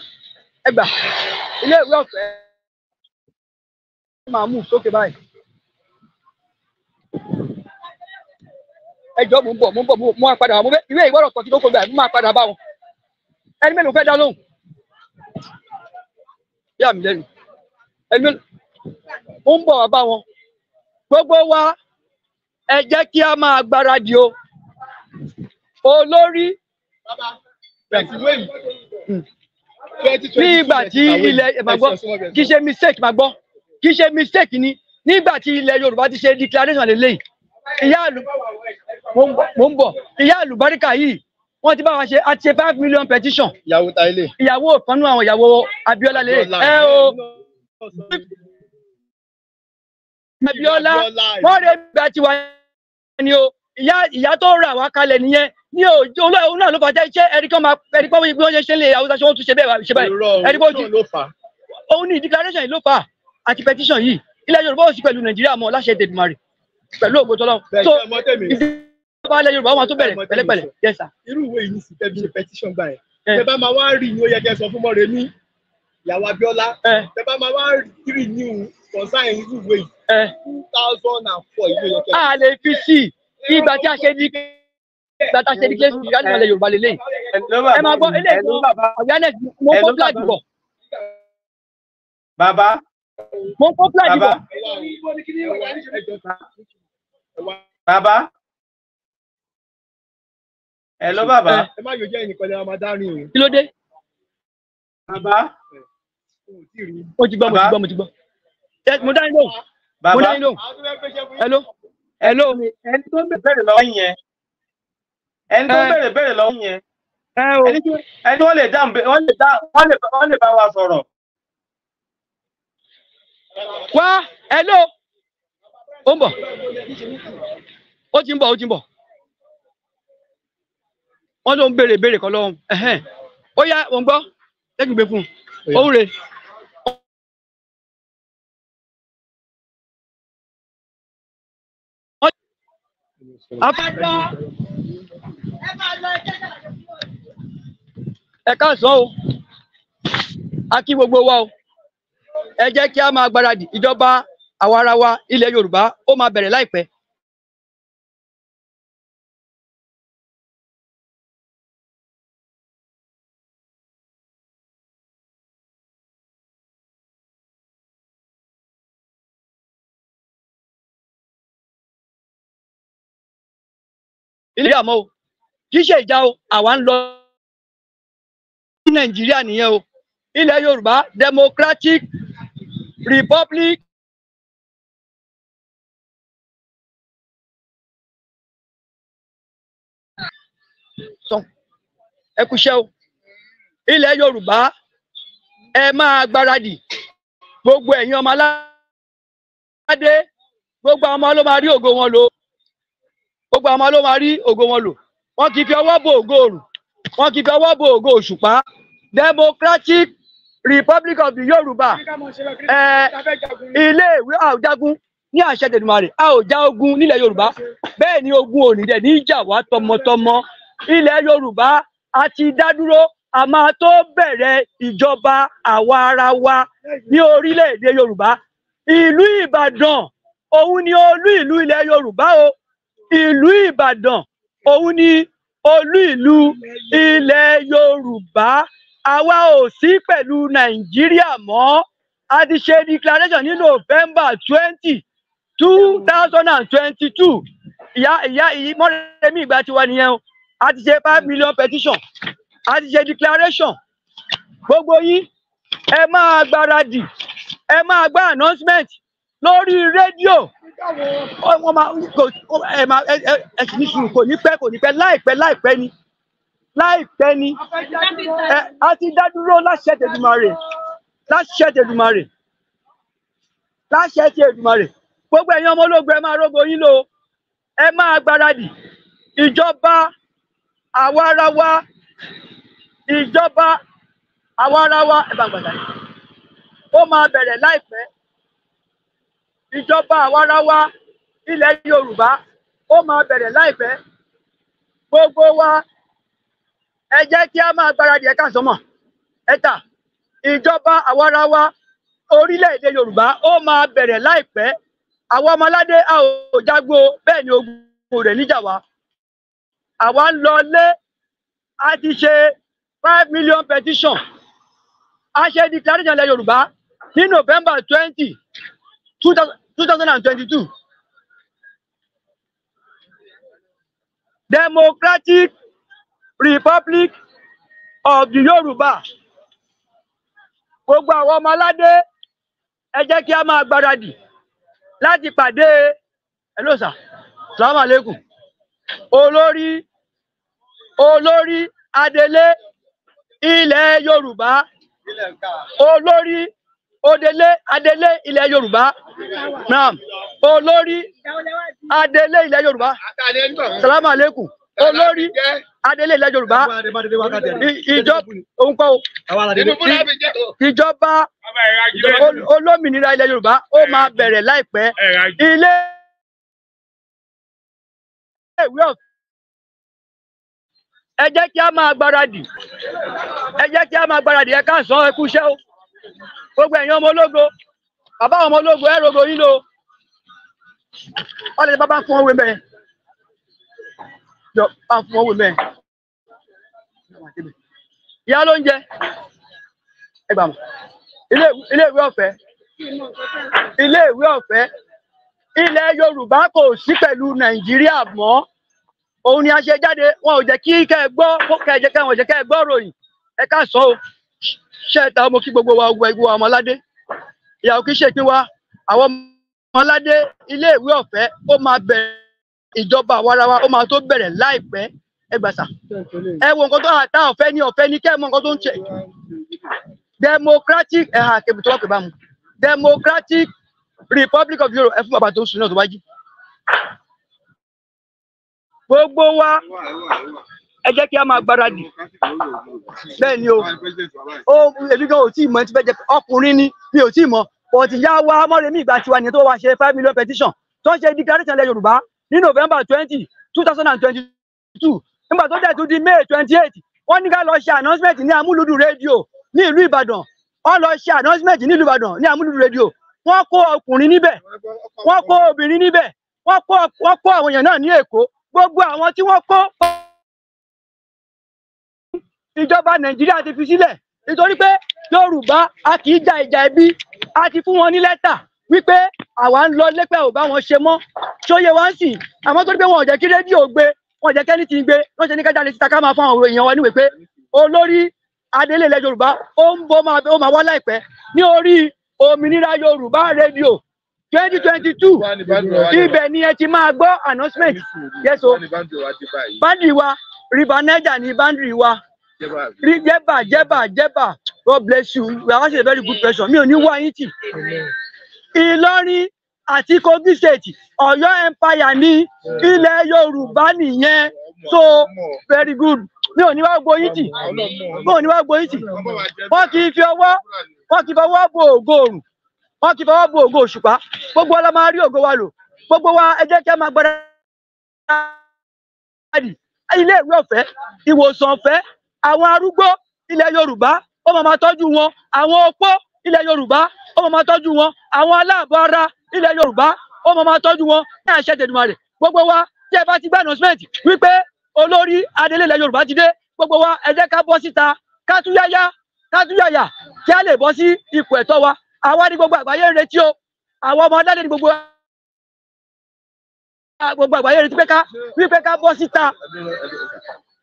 ẹ gbà ilé ìwé ọ̀fẹ́ máa mú sókè báyìí. ẹjọ́ mò ń bọ̀ mò ń bọ̀ mò máa padà wà mo fẹ́ ìwé ìwọ́rọ̀ kan tí ló kó gbà mò máa padà bá wọn ẹni mélòó fẹ́ dá lóhùn yà mí lẹ́nu ẹni mélòó ó ń bọ̀ wá bá wọn gbogbo wa ẹ jẹ́ kí a máa gbáradì o olórí. bàbá bẹ̀sí wéyìí. Hmm ní ìgbà tí ilẹ̀ ìgbàgbọ́ kì í ṣe mistake ìgbàgbọ́ kì í ṣe mistake ni nígbà tí ilẹ̀ Yorùbá ti ṣe declaration lélẹ́yìn ìyá àlù mo ń bọ̀ ìyá àlùbáríkà yìí wọ́n ti bá wa ṣe a ti ṣe five million petition ìyàwó ta ilé ìyàwó kanú àwọn ìyàwó abiola lè ẹ o Abíọ́lá wọ́n rẹ̀ gbà tiwa ni o ìyá tó rà wá kalẹ̀ nìyẹn ní òjò òun náà ló fà jẹ́ ẹ̀rí kan máa ẹ̀rí kan bí wọ́n ṣe ṣe ń lè Haúsá ṣe wọ́n tún ṣe bẹ́ẹ̀ ṣe báyìí ẹ̀rí kan òun òun ní declaration yìí ló fà àti petition yìí ilẹ̀ Yorùbá ò sí pẹ̀lú Nàìjíríà mọ́ láṣẹ Èdèdùmarè pẹ̀lú ògbó tọ́lọ́ so ìdíjọba ilẹ̀ Yorùbá wọn tó bẹ̀rẹ̀ pẹ̀lẹ́pẹ̀lẹ́ yes sir. irú ìwé yìí sì tẹ́bi ṣe petition gbà ẹ̀ eh. tẹ́ bá máa wá rí ni ó yẹ kẹ́ sọ fún Mọ́remí ìyàwó Abíọ́lá eh. tẹ́ bá máa wá rí ni kọ̀ọ̀sáì irú ìwé yìí eh. two thousand and four ìwé yọkẹ́. a lè fi sí ìgbà tí a ṣe ní kí gbàtà ṣe ní kéésì ìyá nìkan lè yorùbá lè léyìí ẹ máa gbọ́ ilé ìfowó ọ̀yánẹ̀ mo ń kó fúlàjì bọ̀. bàbá mo ń kó fúlàjì bọ̀. bàbá ẹ ló bàbá. ẹ má yóò jẹ́ ẹnìkan lè máa dárin o. kí ló dé. bàbá. mo ti gbọ́ mo ti gbọ́ mo ti gbọ́. mo dá yín lóhùn. bàbá mo dá yín lóhùn. hello. hello. ẹni tó ń bẹ̀rẹ̀ lọ́wọ́ yẹn. ẹni tó bẹ̀rẹ̀ bẹ̀rẹ̀ lọ́wọ́ yẹn ẹni wọ́n lè dá wọ́n lè bá wa sọ̀rọ̀. wá hello ó ń bọ̀ ó ti ń bọ̀ ó ti ń bọ̀ wọ́n ló ń béèrè béèrè kan lọ́wọ́ ó yá gbọ́ lẹ́gbẹ̀ẹ́ fún un òun rè é. ẹ káàsán o a kí gbogbo wa o ẹ jẹ kí a máa gbáradì ìjọba àwa ara wa ilẹ̀ Yorùbá ó máa bẹ̀rẹ̀ láìpẹ ilé àmọ́ o kì í ṣe ìjà o àwa ń lọ sí nàìjíríà nìyẹn o ilẹ̀ yorùbá democratic republic sàn ẹ kúṣẹ́ o ilẹ̀ yorùbá ẹ máa gbáradì gbogbo ẹ̀yin ọmọ aládé gbogbo ọmọ ló máa rí ògo wọn lò gbogbo àwọn ló máa rí ògo wọn lò wọn kì í fi ọwọ́ bo ògo òrùn wọn kì í fi ọwọ́ bo ògo òṣùpá democratic republic of the Yoruba. ẹ ilé ìwé àwùjágún ní àṣẹ tẹnumàrè a ò já ogun nílẹ̀ yorùbá bẹ́ẹ̀ ni ogun ò ní dẹ̀ ní ìjà wá tọmọtọmọ ilẹ̀ yorùbá a ti dá dúró a máa tó bẹ̀rẹ̀ ìjọba àwa ara wa ní orílẹ̀-èdè yorùbá ìlú ìbàdàn òun ni olú ìlú ilẹ̀ yorùbá o ìlú Ìbàdàn òun ni olú ìlú ilẹ̀ Yorùbá àwa ò sí pẹ̀lú Nàìjíríà mọ́ a ti ṣe declaration ní November twenty two thousand and twenty-two ìyá ìyá ìyí mọ́rẹ́mí ìgbà tiwa nìyẹn o a ti ṣe five million petition a ti ṣe declaration gbogbo yín ẹ máa gbáradì ẹ máa gbọ́ announcement lórí rédíò wọn máa ẹ máa ẹ sì ní sùúrù kò ní pẹ́ kò ní pẹ́ láìpẹ́ láìpẹ́ ni láìpẹ́ ni ẹ a ti dá dúró láṣẹ tẹdùmarè láṣẹ tẹdùmarè láṣẹ tẹdùmarè gbogbo ẹ̀yin ọmọ ológun ẹ máa rógbó yín lò ẹ máa gbáradì ìjọba àwa ara wa ìjọba àwa ara wa ẹ bá gbàdá yìí ó máa bẹ̀rẹ̀ láìpẹ́ ìjọba àwarawa ilẹ̀ yorùbá ó máa bẹ̀rẹ̀ láìpẹ́ gbogbo wa ẹ jẹ́ kí a máa gbáradì ẹ̀ka sọ́mọ̀ ẹ̀ta ìjọba àwarawa orílẹ̀-èdè yorùbá ó máa bẹ̀rẹ̀ láìpẹ́ àwọn ọmọládé a ò jágbó bẹ́ẹ̀ ni ogun rẹ̀ níjà wa àwa ń lọ lé a ti ṣe five million petition a ṣe declaration ilẹ̀ yorùbá ní november twenty 2022. Democratic Republic of the Yoruba. Gbogbo àwọn ọmọ aládé ẹ jẹ́ kí a máa gbáradì láti pàdé ẹlòsà salamu aleykum olórí olórí adelé ilẹ̀ Yorùbá olórí Odele adele ilẹ̀ Yorùbá naam olórí adele ilẹ̀ Yorùbá salamu aleykum olórí adele ilẹ̀ Yorùbá ìjọba ìjọba olómìnira ilẹ̀ Yorùbá ó máa bẹ̀rẹ̀ láìpẹ́ ilé ìwé ọ̀fẹ́ ẹ jẹ́ kí a máa gbáradì ẹ jẹ́ kí a máa gbáradì ẹ ká sọ iṣẹ́ o. gbogbo ẹ̀yin ọmọ ológo bàbá ọmọ ológo ẹ rogo yín lo ọ lè ní bàbá fún ọwọ́ mẹ jọ bá fún ọwọ́ mẹ ìyá ló ń jẹ ẹ gbà mọ ilé ìwé ọ̀fẹ́ ilé ìwé ọ̀fẹ́ ilẹ̀ Yorùbá kò sí pẹ̀lú Nàìjíríà mọ́ òun ni a ṣe jáde wọn ò jẹ́ kí kẹ́ ẹ gbọ́ kẹ́ ẹ jẹ́ kẹ́ wọn jẹ́ kẹ́ ẹ gbọ́ ròyìn ẹ ká sọ o ṣẹ́ẹ̀ta mo kí gbogbo wa gbogbo ẹgbẹ́ wa ọmọládé ìyàwó kí ṣèpín wa àwọn ọmọládé iléèwé ọ̀fẹ́ ó máa bẹ̀rẹ̀ ìjọba àwarawa ó máa tó bẹ̀rẹ̀ láìpẹ́ ẹgbàsà ẹ wo nǹkan tó hà tá ọ̀fẹ́ ní ọ̀fẹ́ ní kẹ́ nǹkan tó ń ṣe democratic ẹ̀hà kébì tó wà pé bámu democratic republic of Europe ẹ fún bàbá tó ń sun náà tó wájú gbogbo wa ẹ jẹ́ kí a máa gbáradì bẹ́ẹ̀ ni o ó èmi gan ò tí ì mọ ẹni tí fẹ́ẹ́ jẹ ọkùnrin ni mi ò tí ì mọ ọtí yá wa mọ́rẹ́mí ìgbà tiwa nìyẹn tó wá ṣe five million petition tó ṣe declaration ilẹ̀ Yorùbá ní November twenty two thousand and twenty two nígbà tó dẹ̀ tún di May twenty eight wọ́n ní ká lọ ṣe announcement ní amúlùdù rédíò ní ìlú Ìbàdàn wọ́n lọ ṣe announcement ní ìlú Ìbàdàn ní amúlùdù rédíò wọ́n kó ọkùnrin níbẹ̀ wọ́n kó obìnrin níbẹ̀ wọ́n kó àwọn èèyàn náà ní Èkó gbogbo àwọn tí wọ́n kó ìjọba nàìjíríà ti fi sílẹ̀ nítorí pé yorùbá a kì í ja ìjà ẹbí a ti fún wọn ní lẹ́tà wípé àwa ń lọ lẹ́pẹ́ ò bá wọn ṣe mọ́ ṣóyè wá ń sìn àmọ́ torí pé wọn ò jẹ́ kí rédíò gbé wọn ò jẹ́ kẹ́ni ti gbé wọn ṣe ní kájà lè síta ká máa fún àwọn èèyàn wa níwèé pé olórí adélé ilẹ̀ yorùbá ó ń bọ́ ó máa wá láìpẹ́ ní orí òmìnira yorùbá rédíò twenty twenty two ibẹ̀ ni ẹ ti máa gbọ́ announcement yẹ́sọ báńdì wa rìbá ni báńdì wa Jeba, Jeba, Jeba! god bless you we are actually a very good person mi ò ní wá yín tì Ìlọrin àti Kogi state Ọ̀yọ́ empire ní ilẹ̀ Yorùbá nìyẹn so very good mi ò ní wá gboyìn tì mi ò ní wá gboyìn tì wọn kì í fi ọwọ́ wọn kì í fọwọ́ bo ògo òrùn wọn kì í fọwọ́ bo ògo òṣùpá gbogbo ọlọ máa rí ògo wa lò gbogbo wa ẹ jẹ́ kí a máa gbọ́dọ̀ ilé ìwé ọ̀fẹ́ ìwòsàn ọ̀fẹ́ àwọn arúgbó ilẹ̀ yorùbá ó máa máa tọ́jú wọn àwọn opó ilẹ̀ yorùbá ó máa máa tọ́jú wọn àwọn aláàbọ̀ ara ilẹ̀ yorùbá ó máa máa tọ́jú wọn ní àṣẹ tẹ̀dùmọ̀ rẹ̀ gbogbo wa tí ẹ bá ti gbé announcement wípé olórí adelé ilẹ̀ yorùbá ti dé gbogbo wa ẹ jẹ́ ká bọ́ síta ká tú yáyá ká tú yàyà kí a lè bọ́ sí ipò ẹ̀tọ́ wa àwa ní gbogbo àgbáyé ń retí o àwọn ọmọ aládé ní gbogbo gbogbo àgbáyé retí pé ká bọ́ síta.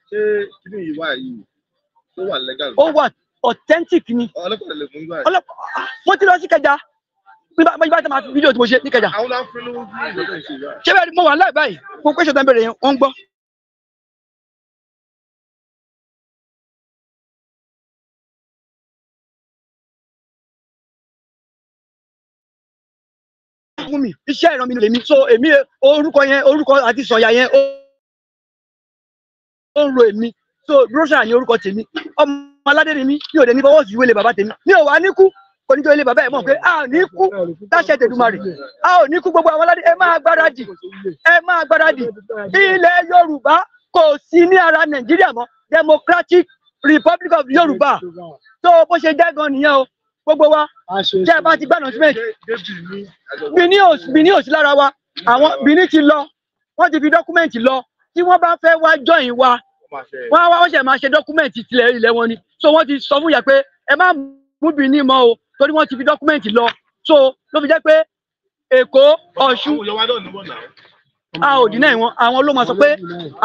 ṣé kí ni ìwà yìí ó wà authentic ni. ọlọ́pàá lè mú ibà yìí. ọlọ́pàá mo ti lọ sí Ìkẹjà nígbà tí ma fi fídíò tí mo ṣe ní Ìkẹjà. àwọn náà fún lówó bí ìjọba ìṣèjọba. ṣé bẹ́ẹ̀ ni mo wà láì báyìí mo pèsè tán bẹ̀rẹ̀ yẹn wọ́n ń gbọ́. fún mi iṣẹ́ ìran mi lèmi so èmi orúkọ yẹn orúkọ àti sọ̀yà yẹn ó ń ro èmi so Roshan ni orúkọ tèmi ọmọ aládé ni mí mi ò lè ní bọ́wọ́ sí ìwé ilé bàbá tèmi mi ò wá ní kú kò ní jọ ilé bàbá ẹ̀ mọ̀ pé a ò ní kú táṣẹ tèdúmarè a ò ní kú gbogbo àwọn aládé ẹ máa gbáradì ẹ máa gbáradì ilẹ̀ Yorùbá kò sí ní ara Nàìjíríà mọ́ Democratic Republic of Yorùbá tó bó ṣe jẹ́ gan nìyẹn o gbogbo wa tẹ́ ẹ bá ti gbá announcement Bìní ò sí lára wa àwọn Bìní ti lọ wọ́n ti fi dọ́kúmẹ̀ntì lọ tí wọ́n bá fẹ́ wá jọyìn wa wọ́n wá wọ́n ṣe máa ṣe dọ́kúmẹ̀ntì tilẹ̀ ilẹ̀ wọn ni so wọ́n ti sọ fún ìyá pé ẹ má múbìnrin mọ́ o torí wọ́n ti fi dọ́kúmẹ̀ntì lọ so ló fi jẹ́ pé Èkó Ọ̀ṣun a ò dín náà wọn àwọn ló máa sọ pé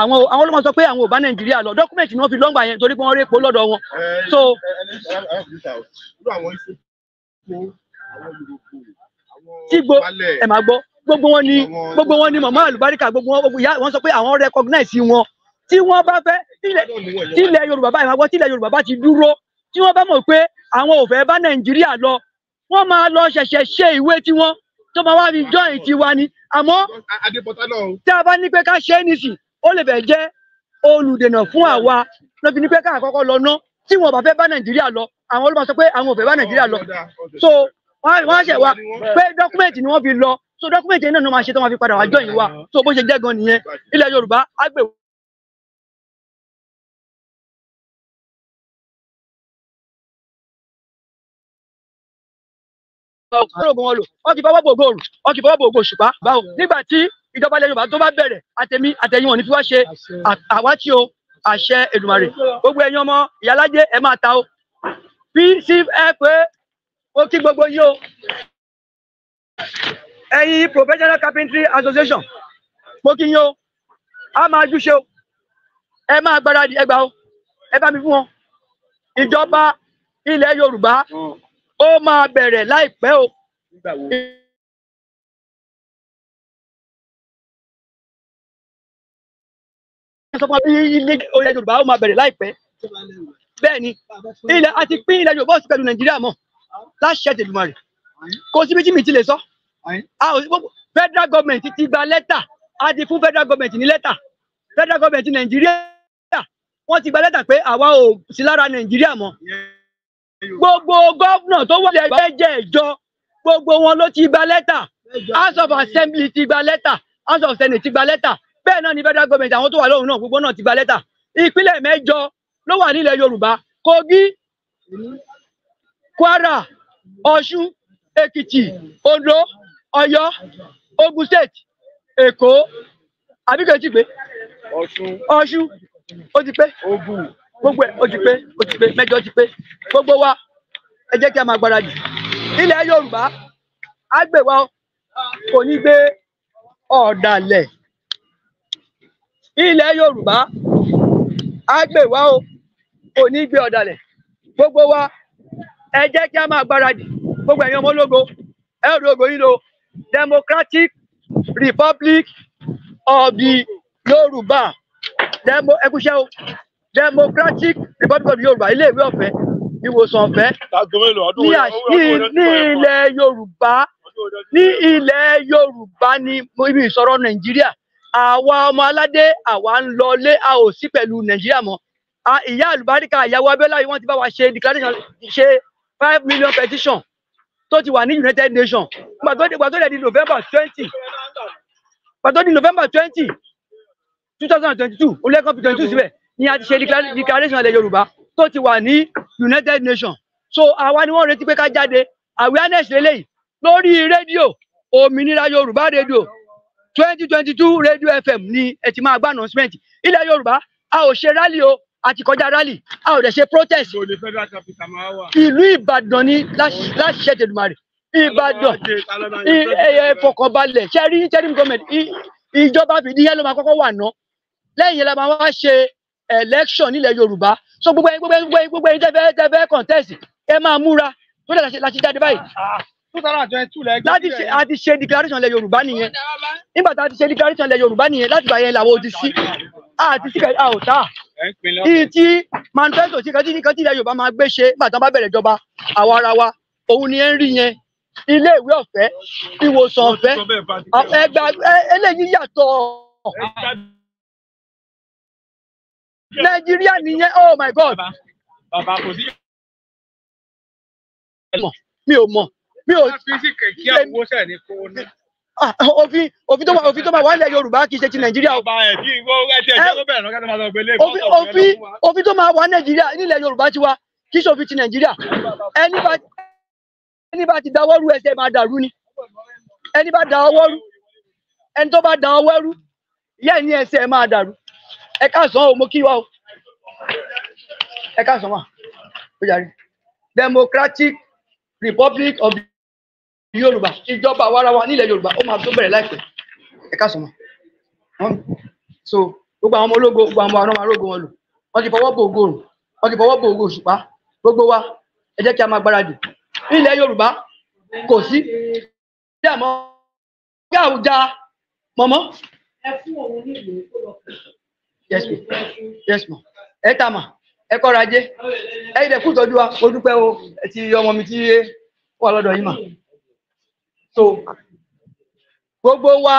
àwọn àwọn ló máa sọ pé àwọn ò bá Nàìjíríà lọ dọ́kúmẹ̀ntì ni wọ́n fi lọ́ngbà yẹn torí pé wọ́n rí epo lọ́dọ̀ wọn so. tí gbo ẹ máa gbọ́ gbogbo wọn ni gbogbo wọn ni màmá àlùbáríkà gbogbo wọn gbogbo ìyá wọn sọ pé àwọn recognize wọn tí wọ́n bá fẹ́ tílẹ̀ yorùbá báyìí máa gbọ́ tílẹ̀ yorùbá bá ti dúró tí wọ́n bá mọ̀ pé àwọn ò fẹ́ bá nàìjíríà lọ wọ́n máa lọ ṣẹ̀ṣẹ̀ ṣe ìwé tiwọn tó máa wá fi join tiwa ni àmọ́ tí a bá ní pé ká ṣe é nísìn ó lè fẹ́ jẹ́ olùdènà fún àwa ló fi ní pé ká àkọ́kọ́ lọ ná tí wọ́n bá fẹ́ bá nàìjíríà lọ àwọn olùmọ̀ sọ pé àwọn ò fẹ́ bá nàìjíríà lọ so wọ́n ṣẹ̀ wá pé dọ́kúmẹ̀ntì ni wọ́n fi lọ so dọ́kúmẹ̀ntì náà ni wọ́n máa ṣe tó máa fi padà wá join wa so bó ṣe jẹ́ gan nìyẹn ilẹ̀ yorùbá á gbè ògùn wọn lò wọn ti fọwọ́ bògo òrù wọn ti fọwọ́ bògo òṣùpá nígbà tí ìjọba ilẹ̀ Yorùbá tó bá bẹ̀rẹ̀ àtẹ̀mí àtẹ̀yìn wọn ni fi wá ṣe àwátì o àṣẹ Èdùmàrè gbogbo ẹ̀yin ọmọ ìyálájé ẹ máa ta o bí sí ẹ pé ó kí gbogbo yín o ẹ̀yin professional carpentry association mo kí yín o a máa júṣe o ẹ máa gbáradì ẹgbàá o ẹ bá mi fún wọn ìjọba ilẹ̀ Yorùbá hmm ó máa bẹ̀rẹ̀ láìpẹ́ o. ilẹ̀ Yorùbá ó máa bẹ̀rẹ̀ láìpẹ́ bẹ́ẹ̀ ni ilẹ̀ àti pín ilẹ̀ Yorùbá òsì pẹ̀lú Nàìjíríà mọ́ láṣẹ tèlùmọ̀rẹ̀ kò síbi tí mi ti lè sọ federal government ti gba lẹ́tà á di fún federal government ní lẹ́tà federal government Nàìjíríà wọ́n ti gba lẹ́tà pé àwa ò sí lára Nàìjíríà mọ́. Yeah gbogbo gómìnà tó wọlé ẹgbẹ́ ìjọ gbogbo wọn ló ti gba lẹ́tà house of assembly ti gba lẹ́tà house of senate ti gba lẹ́tà bẹ́ẹ̀ náà ni federal government àwọn tó wà lóhùn náà gbogbo náà ti gba lẹ́tà ìpínlẹ̀ mẹ́jọ ló wà nílẹ̀ yorùbá kogi kwara ọ̀ṣun èkìtì ondo ọ̀yọ́ ogun state èkó àbíkẹ́ ti pé ọ̀ṣun ó ti pé ogun gbogbo ẹ ó ti pé ó ti pé mẹ́jọ ti pé gbogbo wa ẹ jẹ́ kí a máa gbáradì ilẹ̀ Yorùbá àgbẹwà kò ní gbé ọ̀dàlẹ̀ ilẹ̀ Yorùbá àgbẹwà kò ní gbé ọ̀dàlẹ̀ gbogbo wa ẹ jẹ́ kí a máa gbáradì gbogbo ẹ̀yin ọmọ ológo ẹ ò lógo yìí lo Democratic Republic of the Yorùbá ẹ kúṣẹ́ o democratic republic of yorùbá iléèwé ọ̀fẹ́ ìwòsàn ọ̀fẹ́ ní ilẹ̀ yorùbá ní ilẹ̀ yorùbá ní ibi ìsọ̀rọ̀ nàìjíríà àwa ọmọ aládé àwa ń lọlé a ò sí pẹ̀lú nàìjíríà mọ́ ìyá àlùbáríkà ìyàwó abẹ́lá yìí wọ́n ti bá wa ṣe declaration ṣe five million petition tó ti wà ní united nations gbàtọ́ dẹ̀ di november twenty gbàtọ́ di november twenty two thousand and twenty two ó lẹ́kọ̀ọ́ twenty two síbẹ̀ ni a ti ṣe declaration ilẹ̀ yorùbá tó ti wà ní united nations so àwa ni wọ́n retí pé ká jáde awareness lélẹ́yìí lórí rédíò òmìnira yorùbá rédíò twenty twenty two radio fm ni ẹ ti máa gbá announcement ilẹ̀ yorùbá a ò ṣe rally o a ti kọjá rally a ò dẹ̀ ṣe protest ìlú ìbàdàn ni láti ṣe tèdùmarè ìbàdàn ẹyẹ fọkànbalẹ̀ ṣẹrí interim government ìjọba fìdí yẹn ló máa kọ́kọ́ wà ná lẹ́yìn yẹn la máa wá ṣe election nílẹ̀ yorùbá so gbogbo ẹyin gbogbo ẹyin gbogbo ẹyin gbogbo ẹyin tẹ́fẹ́ tẹ́fẹ́ contest ẹ máa múra tó dẹ̀ láti jáde báyìí. láti ṣe àti ṣe declaration lẹ̀ yorùbá nìyẹn nígbà tá a ti ṣe declaration lẹ̀ yorùbá nìyẹn láti gbà yẹn làwọn ò ti sí a ti sí kẹ a ò tà iye tí manifesto tí kẹtí kẹtí ilẹ̀ yorùbá máa gbé ṣe nígbà tá a bá bẹ̀rẹ̀ ìjọba àwa ara wa òun ni ẹ ń rí yẹn ilé ìwé ọ̀fẹ́ ìwòsàn ọ̀fẹ́ ẹgbẹ́ eléyìí yàtọ̀ nàìjíríà nìyẹn oh my god. bàbá kò sí. mi ò mọ̀ mi ò. Ah, òfin òfin tó máa òfin tó máa wà nílẹ̀ yorùbá kì í ṣe ti nàìjíríà o. Eh, òfin òfin tó máa wà nàìjíríà nílẹ̀ yorùbá ti wa kì í ṣe òfin ti nàìjíríà ẹni bá ẹni bá ti dáwọ́ rú ẹsẹ̀ máa dàrú ni ẹni bá dáwọ́ rú ẹni tó bá dáwọ́ rú yẹ́ẹ̀ ní ẹsẹ̀ máa dàrú ẹ káàsán o mo kí wa o ẹ káàsán wa ó yàrá democratic republic of yorùbá ìjọba àwarawa nílẹ̀ yorùbá ó máa tó bẹ̀rẹ̀ láìpẹ́ ẹ káàsán wa so gbogbo àwọn ọmọ ológo gbogbo àwọn ọmọ ológo wọn lò wọn ti fọwọ́ bò ògo òrùn wọn ti fọwọ́ bò ògo òṣùpá gbogbo wa ẹ jẹ́ kí a máa gbáradì nílẹ̀ yorùbá kò sí bí àmọ́ bí àwùjá mọ̀mọ́ yes ma yes ma ẹ ta ma ẹ kọ́ra jẹ́ ẹ yìí dẹ̀kú tọ́jú wa mo dúpẹ́ o ti ọmọ mi ti wà lọ́dọ̀ yìí mà so gbogbo wa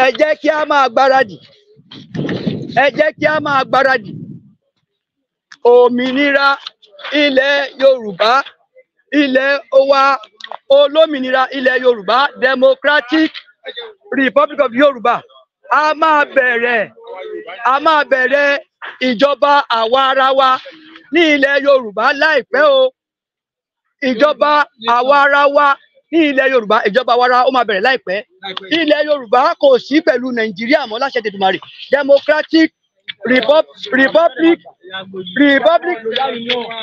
ẹ jẹ́ kí a máa gbáradì ẹ jẹ́ kí a máa gbáradì òmìnira ilẹ̀ Yorùbá ilẹ̀ wa olómìnira ilẹ̀ Yorùbá Democratic Republic of Yorùbá a máa bẹ̀rẹ̀ a máa bẹ̀rẹ̀ ìjọba àwa ara wa ní ilẹ̀ Yorùbá láìpẹ́ o ìjọba àwa ara wa ní ilẹ̀ Yorùbá ìjọba àwa ara ó máa bẹ̀rẹ̀ láìpẹ́ ilẹ̀ Yorùbá kò sí pẹ̀lú Nàìjíríà mọ́ láṣẹ tètùmarì democratic Repub republic republic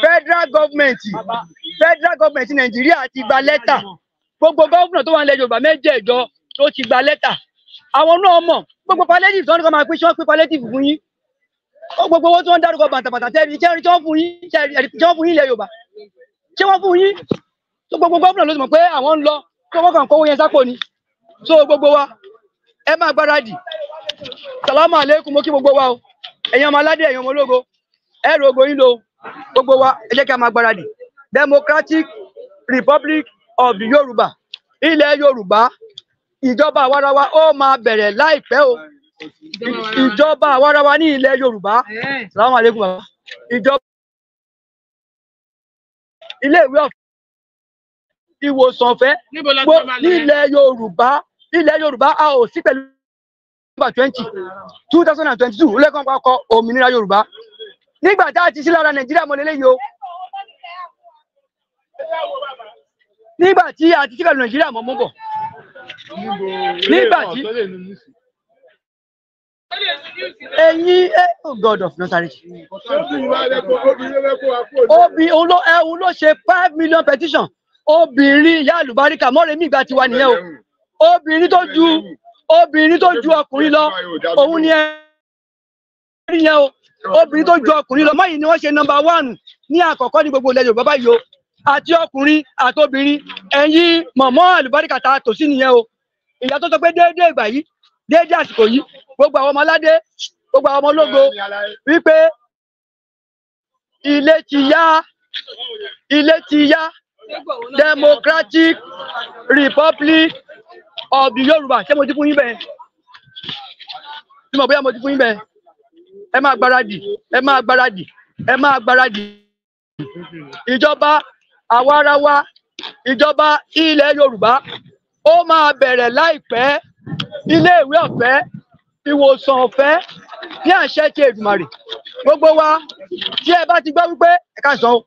federal government federal government Nàìjíríà ti gba lẹ́tà gbogbo gómìnà tó wà ní ilẹ̀ Yorùbá mẹ́jẹ̀ẹ̀jọ ló ti gba lẹ́tà àwọn náà mọ̀ gbogbo palliative tó ń kọ́ máa pín ṣọ́ọ́ pín palliative fún yín gbogbo owó tó ń dárúkọ bàtàbàtà tẹ́ẹ̀rí tí wọ́n fún yín tí wọ́n fún yín ilẹ̀ Yorùbá tí wọ́n fún yín tó gbogbo gómìnà ló ti mọ̀ pé àwọn ń lọ tó wọ́n kàn kówó yẹn sápò ni so gbogbo wa ẹ máa gbáradì salamu aleykum mo kí gbogbo wa o ẹ̀yin ọmọ aládé ẹ̀yin ọmọ ológo ẹ rògo yín lo gbogbo wa ẹ jẹ́ kí a máa gbáradì Democratic Republic of the Yorùbá ilẹ̀ Yorùbá ìjọba àwarawa ó máa bẹ̀rẹ̀ láìpẹ́ o ìjọba àwarawa ní ilẹ̀ Yorùbá salamu aleykum baba ìjọba iléèwé ọ̀fẹ́ ìwòsàn ọ̀fẹ́ ní ilẹ̀ Yorùbá ilẹ̀ Yorùbá a ò sí pẹ̀lú nọ́mbà twenty two thousand and twenty two lẹ́kàn pákọ òmìnira Yorùbá nígbà tá a ti sí lára Nàìjíríà mọ́ lélẹ́yìí o nígbà tí a ti sí pẹ̀lú Nàìjíríà mọ́ mú bọ̀ nígbà tí ẹ̀yin oh god of notarity obi ẹ̀hún ló ṣe five million petition obìnrin ìyá àlùbáríkà mọ́rẹ̀mí ìgbà tiwa nìyẹn o obìnrin tó ju obìnrin tó ju ọkùnrin lọ òun ni ẹ rí yẹn o obìnrin tó ju ọkùnrin lọ mọ́yìn ni wọ́n ṣe number one ní àkọ́kọ́ ní gbogbo ilẹ̀ Yorùbá báyìí o àti ọkùnrin àti obìnrin ẹ̀yin mọ̀mọ́ àlùbáríkà tá a tò sí nìyẹn o ìyá tó sọ pé déédéé ìgbà yìí déédéé àsìkò yìí gbogbo àwọn ọmọ aládé gbogbo àwọn ọmọ ológo wípé ilé ti yá ilé ti yá democratic republic of the yorùbá ṣé mo ti fún yín bẹ́ẹ̀ tí mo bóyá mo ti fún yín bẹ́ẹ̀ ẹ máa gbáradì ẹ máa gbáradì ẹ máa gbáradì ìjọba àwa ara wa ìjọba ilẹ̀ Yorùbá ó máa bẹ̀rẹ̀ láìpẹ́ iléèwé ọ̀fẹ́ ìwòsàn ọ̀fẹ́ ní àṣẹ ti Èdùmàrè gbogbo wa tí ẹ bá ti gbọ́ wípé ẹ̀ka sàn ó.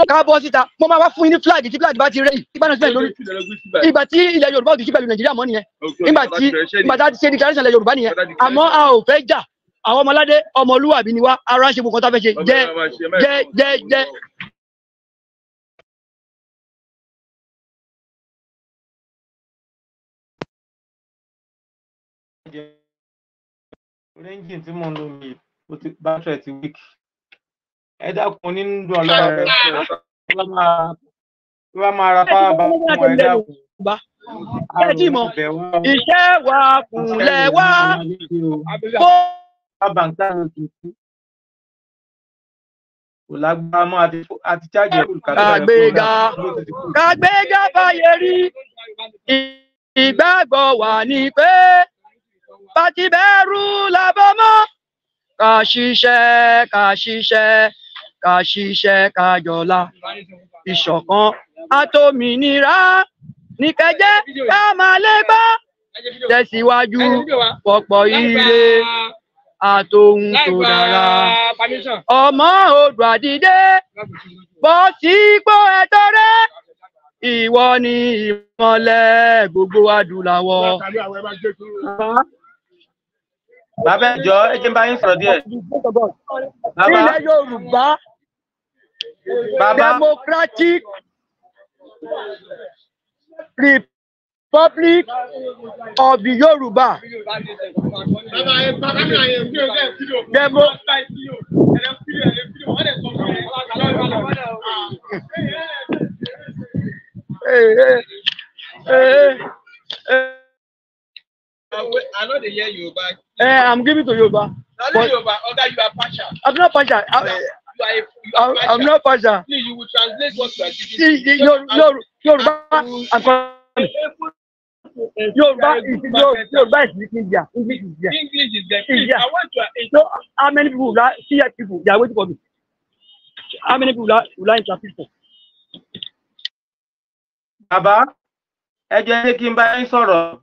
ló ká bọ́ síta mo máa wá fún yín ní flag tí flag bá ti rẹ́ yìí ìbáná sílẹ̀ lórí ìgbà tí ilẹ̀ yorùbá ò ti síbẹ̀ lu nàìjíríà mọ́ nìyẹn ìgbà tí ìgbà tí a ti ṣe declaration ilẹ̀ yorùbá nìyẹn àmọ́ a ò fẹ́ jà àwọn ọmọládé ọmọlúwàbí ni wá ara ń ṣe gbogbo nǹkan tá a fẹ́ ṣe jẹ́ jẹ́ jẹ́ jẹ́. rẹ́ńjìn tí mò ń lò mí bátìrì ti wíkì ẹ dákun nínú ọlọ́run tí wọ́n máa ra power bank ẹ dákun. bẹ́ẹ̀ tí mo iṣẹ́ wa kùnlẹ̀ wá kó. àti chájì ẹ̀kú kàgbéga kàgbéga fàyè rí ìgbàgbọ́ wà ní pé bàtìbẹ́rù làbọ̀ mọ́ kà ṣiṣẹ́ kà ṣiṣẹ́ ká ṣiṣẹ́ ká jọlá ìṣọ̀kan àtòmìnira nìkẹ́jẹ́ ká máa lè bá tẹ̀síwájú pọ̀pọ̀ ire àtòhun tó dára ọmọ odò àdìdé bọ́ sí ipò ẹ̀tọ́ rẹ̀ ìwọ ni ìmọ̀lẹ̀ gbogbo adúláwọ̀ bàbá ẹjọ ẹ jẹ́ bá yín sọ̀rọ̀ díẹ̀. bàbá ilẹ̀ yorùbá democratic republic of the yorùbá. demo. Hey, hey, hey, hey. I know they hear Yoruba. Uh, I'm giving to Yoruba. Not but, Yoruba, Oga, you are partial. I'm not partial. you are, a, you are I'm, partial. I'm not partial. Please, you will translate what you are giving. Yoruba, Yoruba, I'm calling. Yoruba is Yoruba is speaking India. English is there. English is there. India. I want to. so how many people will see here people? They are waiting for me. How many people will I, will I interpret for? Bàbá, ẹ jẹ́ kí n bá yín sọ̀rọ̀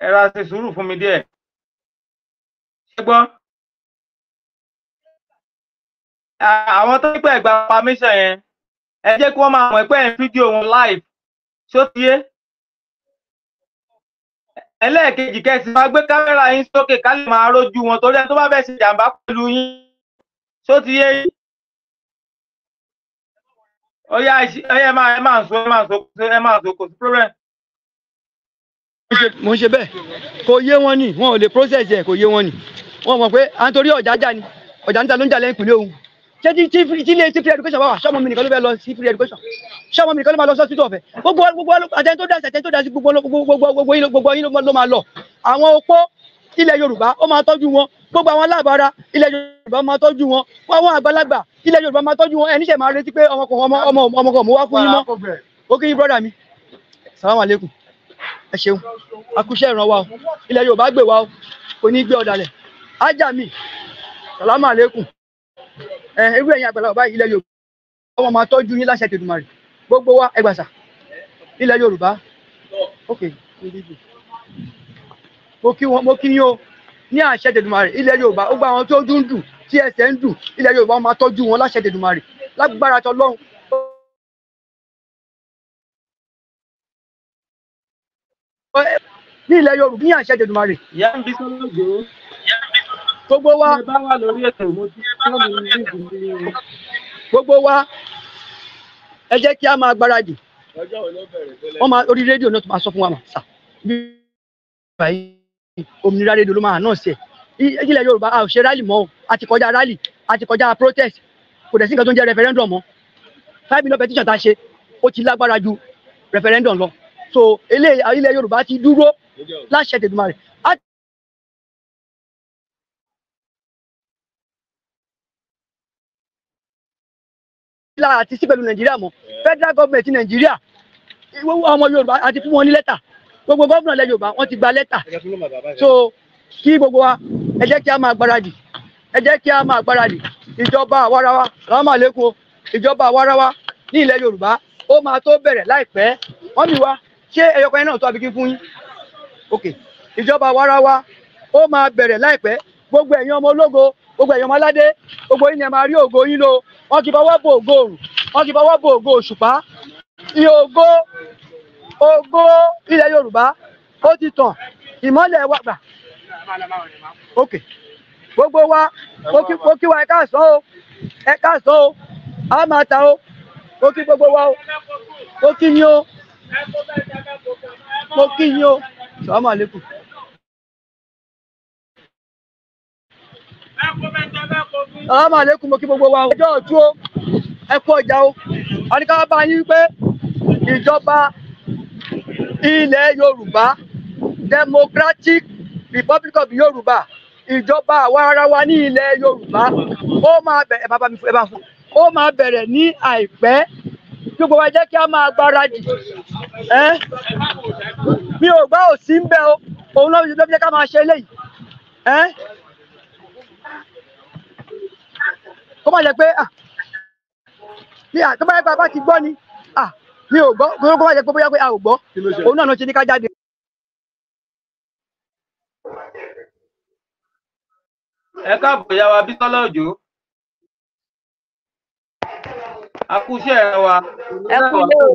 ẹ ra ṣe sùúrù fún mi díẹ̀ ṣé gbọ́. àwọn tó ń pẹ́ ìgbà pàmíṣàn yẹn ẹ jẹ́ kí wọ́n máa mọ̀ pé ẹ̀ ń fídíò wọn live ṣó ti yé ẹlẹ́ẹ̀kejì kẹsì máa gbé kámẹ́rà yín sókè ká lè máa rójú wọn torí ẹni tó bá bẹ̀ ṣe jàǹbá pẹ̀lú yín ṣó ti yé yín. ó yá ẹ máa ẹ máa sọ ẹ máa sọ ẹ kò sí problem mo ṣe bẹ́ẹ̀ kò yé wọn ni wọn ò lè process ẹ̀ kò yé wọn ni wọn mọ̀ pé à ń torí ọ̀já jà ni ọ̀já níta ló ń jà lẹ́yìn ìpínlẹ̀ òun ṣé tí tí tí ilé tí free education bá wà ṣọ́mọ mi nìkan ló fẹ́ lọ sí free education ṣọ́mọ mi nìkan ló máa lọ sí hospital ọ̀fẹ́ gbogbo gbogbo àtẹni tó dá sí àtẹni tó dá sí gbogbo gbogbo yín gbogbo yín ló máa lọ àwọn opó ilẹ̀ Yorùbá ó máa tọ́jú wọn gbogbo àwọn alábàárà ilẹ̀ Yorùbá máa tọ́jú wọn àwọn àgbàlagbà ilẹ̀ Yorùbá máa tọ́jú wọn ẹni ṣẹ̀ máa retí pé ọmọkùnrin ọmọ ọmọkùnrin mo wá fún yín mọ́ ó kí yín brọ́dà mi salamu aleykum ẹ ṣeun akúṣẹ́ ìran wa o ilẹ̀ yorùbá gbè wa o kò ní gbé ọ̀dàlẹ̀ ájàmì sàlámù àlékún ẹ irú ẹ̀yin àgbàlagbà báyìí ilẹ̀ yorùbá wọn máa tọ́jú yín láṣẹ tèdùmàrè gbogbo wa ẹgbàṣà ilẹ̀ yorùbá ok mo kí wọn mo kí yín o ní àṣẹ tèdùmàrè ilẹ̀ yorùbá ó gba àwọn tó dùn dùn tí ẹsẹ̀ ń dùn ilẹ̀ yorùbá wọn máa tọ́jú wọn láṣẹ tèdùmàrè lágbára tọlọ́run ní ilẹ̀ yorùbá ní àṣẹ jẹ̀dùmarè. ìyá ń bí sọ́nà gbé gbogbo wa gbogbo wa ẹ jẹ́ kí a máa gbáradì wọ́n máa orí rédíò náà tó máa sọ fún wa mà sà bí òmìnira rédíò ló máa náà ṣe ilẹ̀ yorùbá a ò ṣe rálì mọ́ o a ti kọjá rálì a ti kọjá protest kò dẹ̀ sí nǹkan tó ń jẹ́ referendum mọ́ five million petition tá a ṣe ó ti lágbára ju referendum lọ so ilẹ̀ yorùbá ti dúró láṣẹ Èdùmàrè. lára àti sí pẹ̀lú nàìjíríà mọ́ federal government Nigeria. nàìjíríà ọmọ yorùbá àti fún wọn ní lẹ́tà gbogbo gómìnà ilẹ̀ yorùbá wọ́n ti gba lẹ́tà so kí gbogbo wa ẹ jẹ́ kí a máa gbáradì ẹ jẹ́ kí a máa gbáradì ìjọba àwarawa ràmà lẹ́kọ̀ọ́ ìjọba àwarawa ní ilẹ̀ yorùbá ó máa tó bẹ̀rẹ̀ láìpẹ́ wọ́n mi wá ṣé ẹyọkan náà tó àbíkí fún yín okay ìjọba warawa ó máa bẹ̀rẹ̀ láìpẹ́ gbogbo ẹ̀yin ọmọ ológo gbogbo ẹ̀yin ọmọ aládé gbogbo yín ni ẹ máa rí ògo yín lò wọn kì í fọwọ́ bo ògo òrùn wọn kì í fọwọ́ bo ògo òṣùpá ìyẹn ògo ògo ilẹ̀ yorùbá ó ti tàn ìmọ́lẹ̀ wa gbà okay gbogbo wa ó kí wa ẹ káàsán o ẹ káàsán o a máa ta o ó kí gbogbo wa o ó kí yín o mo kí yín o. Salamu alaikum. Salamu alaikum mo kí gbogbo wa ọjọ́ ọ̀tún o, ẹ kú ọjà o. Wọ́n ní ká bá yín pé ìjọba Democratic Republic of ìjọba àwa ní ilẹ̀ Yorùbá ó máa ẹ mi ò gbọ́ òsì ń bẹ o òun ló fi jẹ́ ká máa ṣe eléyìí ẹ kó má jẹ́ pé tó bá yẹ pé bá ti gbọ́ ni mi ò gbọ́ kó má jẹ́ pé bóyá pé a ò gbọ́ òun náà ló ṣe ní ká jáde. ẹ káàbọ̀ yá wa bí tọ́lá òjò akúṣẹ́ wa ẹ kúlé o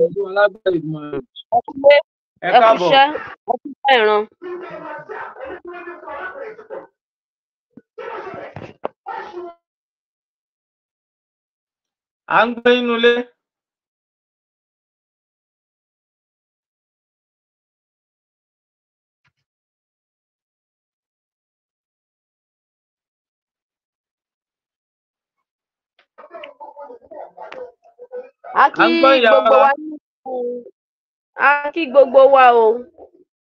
ẹ káàbọ̀ ẹ kúṣẹ́ ẹ kúṣẹ́ ìran. à ń gbé inú ilé. Thank you a kí gbogbo wa a kí gbogbo wa o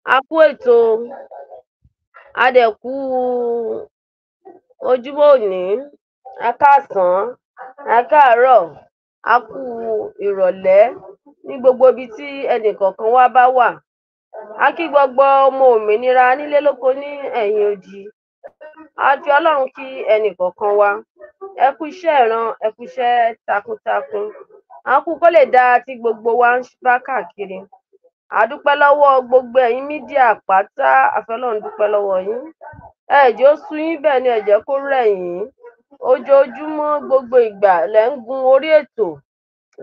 a kú ètò a dẹ̀ kú ojúmọ́ òní a káàsán a káàárọ̀ a kú ìrọ̀lẹ́ ní gbogbo ibi tí ẹnìkọ̀ọ̀kan wa bá wà a kí gbogbo ọmọ òmìnira nílé lóko ní ẹ̀yìn odi a fi Ọlọ́run kí ẹnìkọ̀ọ̀kan wa ẹ kú iṣẹ́ ẹ kú takuntakun à ń kú kó lè dáa tí gbogbo wa ń bá káàkiri à dúpẹ́ lọ́wọ́ gbogbo ẹ̀yin mídíà pátá àfẹ́lọ́run dúpẹ́ lọ́wọ́ yín ẹ jẹ́ ó sú yín bẹ́ẹ̀ ni ẹ jẹ́ kó rẹ̀ yín ojoojúmọ́ gbogbo ìgbà lẹ̀ ń gun orí ètò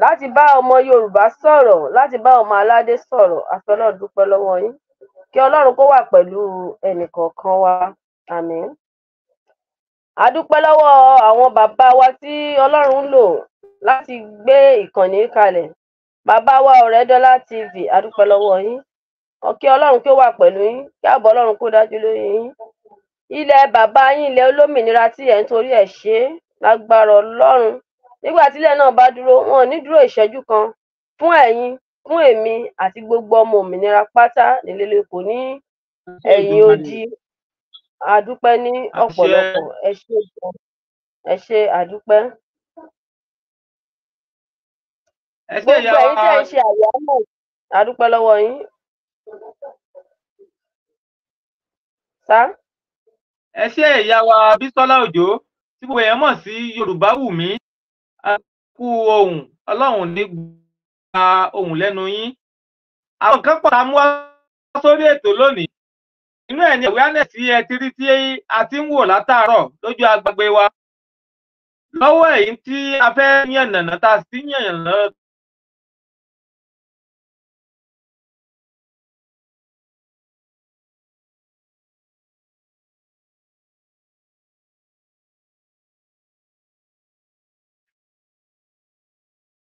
láti bá ọmọ Yorùbá sọ̀rọ̀ láti bá ọmọ aládé sọ̀rọ̀ àfẹ́lọ́run dúpẹ́ lọ́wọ́ yín kí Ọlọ́run kó wà pẹ̀lú ẹnìkọ̀ọ̀kan wa àmín a dúpẹ́ lọ́wọ́ àwọn bàbá wa tí Ọlọ́run lò láti gbé ìkànnì kalẹ̀ bàbá wa ọ̀rẹ́dọ́là tv adúpẹ́ lọ́wọ́ yín ọ̀kẹ́ ọlọ́run kí ó wà pẹ̀lú yín kí ààbò ọlọ́run kó dájú lórí yín ilẹ̀ bàbá yín ilẹ̀ olómìnira tí ẹ̀ ń torí ẹ̀ ṣe é lágbára ọlọ́run nígbà tílẹ̀ náà bá dúró wọn ò ní dúró ìṣẹ́jú kan fún ẹ̀yin fún èmi àti gbogbo ọmọ òmìnira pátá nílé lóko ní ẹ̀yìn odi àdúpẹ́ ní ọ̀pọ̀lọpọ̀ ẹ ṣé gan ẹ ṣé àdúpẹ́ gbogbo ẹ̀yin tẹ́ ń ṣe àyámọ̀ àdúpẹ́ lọ́wọ́ yín. sá. ẹ ṣé ìyá wa Bísọ́lá Òjó tí gbogbo èèyàn mọ̀ sí Yorùbá wù mí kú ohùn Ọlọ́run ní gba ohùn lẹ́nu yín. àwọn nǹkan pọ̀ tá a mú wá sórí ètò lónìí inú ẹ̀ ní awareness ẹ ti rí tí a ti ń wò látàárọ̀ lójú agbègbè wa lọ́wọ́ èyí tí a fẹ́ yànnàná tá a sì yànnàná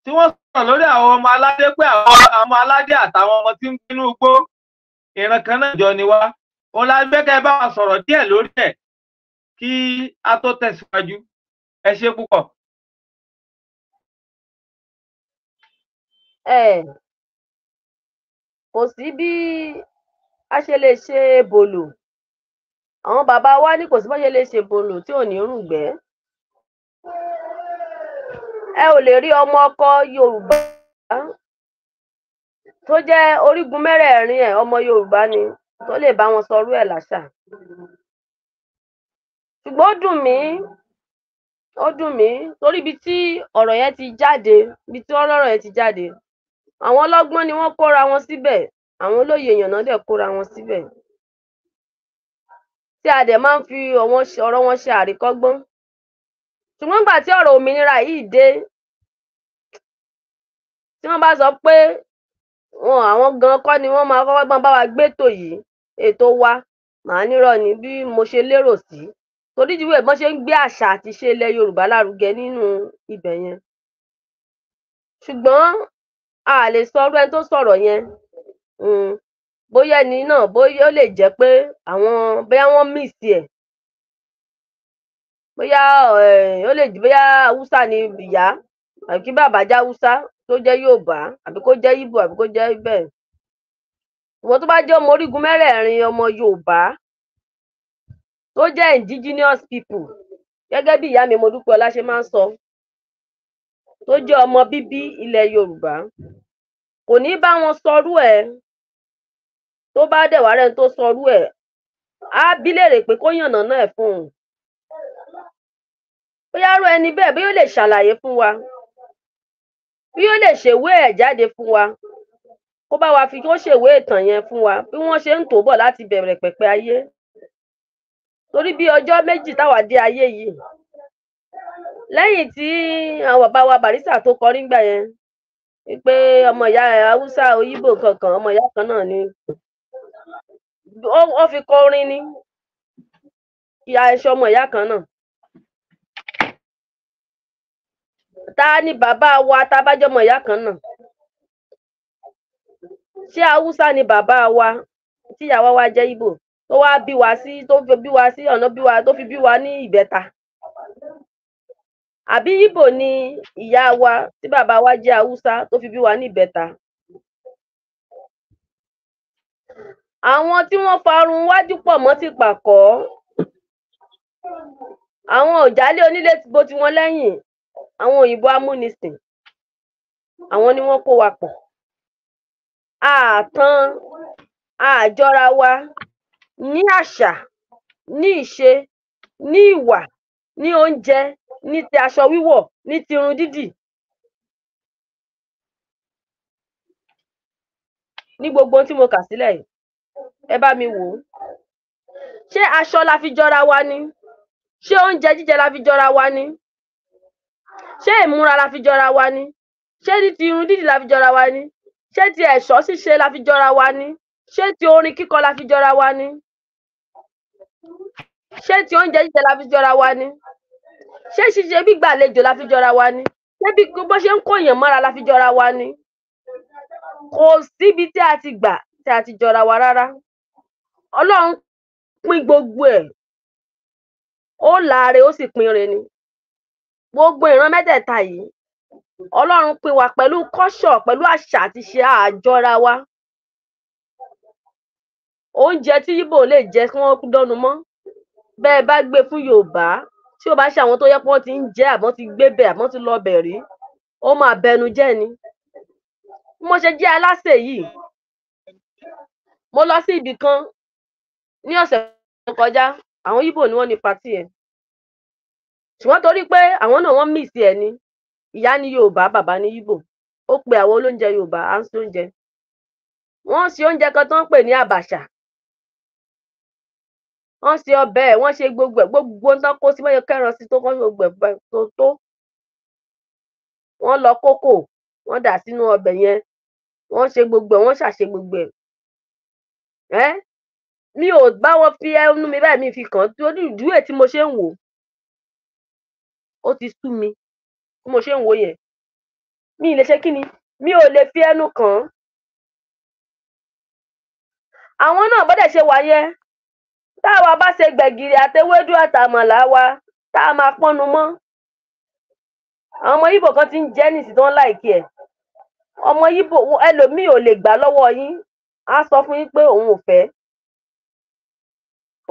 tí wọ́n sọ̀rọ̀ lórí àwọn ọmọ aládé pé àwọn ọmọ aládé àtàwọn ọmọ tí ń gbinú igbó ìran kan náà jọ ni wá òun la gbẹ́kẹ̀ bá wa sọ̀rọ̀ díẹ̀ lórí ẹ̀ kí a tó tẹ̀síwájú ẹ ṣe púpọ̀. kò sí bí a ṣe lè ṣe bòlò àwọn bàbá wa ní kò sí bó ṣe lè ṣe bòlò tí ò ní rùgbẹ́ ẹ ò lè rí ọmọ ọkọ yorùbá tó jẹ́ orígun mẹ́rẹ̀ẹ̀rin ẹ̀ ọmọ yorùbá ni tó lè bá wọn sọrú ẹ̀ láṣà ṣùgbọ́n ó dùn mí ó dùn mí torí ibi tí ọ̀rọ̀ yẹn ti jáde ibi tí ọ̀rọ̀ yẹn ti jáde àwọn ọlọ́gbọ́n ni wọ́n kóra wọn síbẹ̀ àwọn olóye èèyàn náà dẹ̀ kóra wọn síbẹ̀ tí a dẹ̀ máa ń fi ọ̀rọ̀ wọn ṣe àríkọ́gbọ́n ṣùgbọ́n nígbà tí ọ̀rọ̀ òmìnira yìí dé tí wọn bá sọ pé àwọn gan kọ ni wọn máa kọ́kọ́ máa bá wa gbétò yìí ètò wa màá nírọ ni bí mo ṣe lérò sí torí ju bọ́n ṣe ń gbé àṣà àti ìṣe ilẹ̀ Yorùbá lárugẹ nínú ibẹ̀ yẹn ṣùgbọ́n a lè sọ irú ẹni tó sọ̀rọ̀ yẹn um bóyá ẹni náà bóyá ó lè jẹ́ pé àwọn bóyá wọ́n miss ẹ̀ bóyá um ó lè bóyá Haúsá ni ìyá àbí kí bàbá jẹ́ Haúsá tó jẹ́ Yorùbá àbí kó jẹ́ Ìgbò àbí kó jẹ́ Íbò ìwọ tó bá jẹ́ ọmọ orígun mẹ́rẹ̀ẹ̀rin ọmọ Yorùbá tó jẹ́ indigenous people gẹ́gẹ́ bí ìyá mi Modúpẹ́ọlá ṣe máa ń sọ tó jẹ́ ọmọ bíbí ilẹ̀ Yorùbá kò ní bá wọn sọrú ẹ̀ tó bá dẹ̀ wá rẹ́ni tó sọrú ẹ̀ á bí léèrè pé kó yànnàná ẹ̀ fún un bóyá irú ẹni bẹ́ẹ̀ bóyá ó lè ṣàlàyé fún wa bí ó lè ṣèwé ẹ̀ jáde fún wa kó bá wa fi kó ṣèwé ìtàn yẹn fún wa bí wọ́n ṣe ń tò ó láti bẹ̀rẹ̀ pẹ̀pẹ̀ ayé torí bí ọjọ́ méjì táwa dé ayé yìí lẹ́yìn tí àwọn bàbá wa Barrister tó kọ gbà yẹn wípé ọmọ ìyá haúsá oyíbò kankan ọmọ ìyá kan náà ni ó fi kọrin ni ìyá ẹṣọ ọmọ ìyá kan náà ta ni bàbá wa tá a bá jọmọ ìyá kan náà ṣé haúsá ni bàbá wa tíyàwó wa jẹ́ ìgbò tó wá bí wa sí tó fi bí wa sí ọ̀nà bí wa tó fi bí wa ní ìbẹ́ta àbí ìbò ni ìyá wa tí bàbá wa jẹ́ haúsá tó fi bí wa ní ìbẹ́ta àwọn tí wọ́n farun wájú pọ̀ mọ́ ti pàkọ́ àwọn òjálé onílé ti bo tiwọn lẹ́yìn àwọn òyìnbó amúnisìn àwọn ni wọn kó wa pọ a à tan a à jọra wa ní àṣà ní ìṣe ní ìwà ní oúnjẹ ní ti aṣọ wíwọ̀ ní ti irun dídì ní gbogbo ohun tí mo kà sílẹ̀ yìí ẹ bá mi wò ó ṣé aṣọ la fi jọra wa ni ṣé oúnjẹ jíjẹ la fi jọra wa ni Ṣé ìmúra la fi jọra wa ni? Ṣé ní ti irun dídì la fi jọra wa ni? Ṣé ti ẹ̀ṣọ́ ṣíṣe la fi jọra wa ni? Ṣé ti orin kíkọ la fi jọra wa ni? Ṣé ti oúnjẹ jíjẹ la fi jọra wa ni? Ṣé ṣíṣe gbígbàlejò la fi jọra wa ni? Ṣé bí bọ́n ṣe ń kó èèyàn mọ́ra la fi jọra wa ni? Kò síbi tí a ti gbà tí a ti jọra wa rárá. Ọlọ́run pín gbogbo ẹ̀. Ó la ó sì pín re ni gbogbo ìran mẹ́tẹ̀ẹ̀ta yìí ọlọ́run pín wa pẹ̀lú kọ́ṣọ̀ pẹ̀lú àṣà àti ṣe àjọra wa oúnjẹ tí Ìgbò lè jẹ kí wọ́n dọ́nu mọ́ bẹ́ẹ̀ bá gbé e fún Yorùbá tí ó bá ṣe àwọn tó yẹ pé wọ́n ti ń jẹ àbọ́n ti gbé bẹ̀ àbọ́n ti lọ bẹ̀ rí ó máa bẹnu jẹ́ ni bí mo ṣe jẹ́ aláṣẹ yìí mo lọ sí ibì kan ní ọ̀sẹ̀ tó kọjá àwọn Ìgbò ni wọ́n ní patí yẹn ṣùgbọ́n torí pé àwọn náà wọ́n mí sí ẹ ni ìyá ní yorùbá bàbá ní Ìgbò ó pe àwọn olóúnjẹ yorùbá à ń ṣe oúnjẹ wọ́n ṣe oúnjẹ kan tó ń pè ní àbàṣà wọ́n ṣe ọbẹ̀ ẹ̀ wọ́n ṣe gbogbo ẹ̀ gbogbo ohun tó kó sí bóyá kẹran sí tó kọ gbogbo ẹ̀ tó tó wọ́n lọ kókò wọ́n dà sínú ọbẹ̀ yẹn wọ́n ṣe gbogbo ẹ̀ wọ́n ṣàṣe gbogbo ẹ̀ ẹ́ mi ò bá wọn fi ẹnu mi báyìí mi fi kàn án torí ìdúró tí mo ṣe ń wò ó ó ti sú mi bí mo ṣe ń wò ó yẹn mi ì lè ṣe kí ni mi ò lè fi ẹnu kàn án àwọn náà bó dẹ̀ ṣe wà yẹn táwa bá ṣe gbẹ̀gìrì àtewédú àtàmàlà wa tá a máa pọ́nnu mọ́ àwọn ọmọ Yíbò kan ti ń jẹ́ nísìnyí tí wọ́n láìkí ẹ̀ ọmọ Yíbò ẹlòmíì ò lè gbà lọ́wọ́ yín á sọ fún yín pé òun ò fẹ́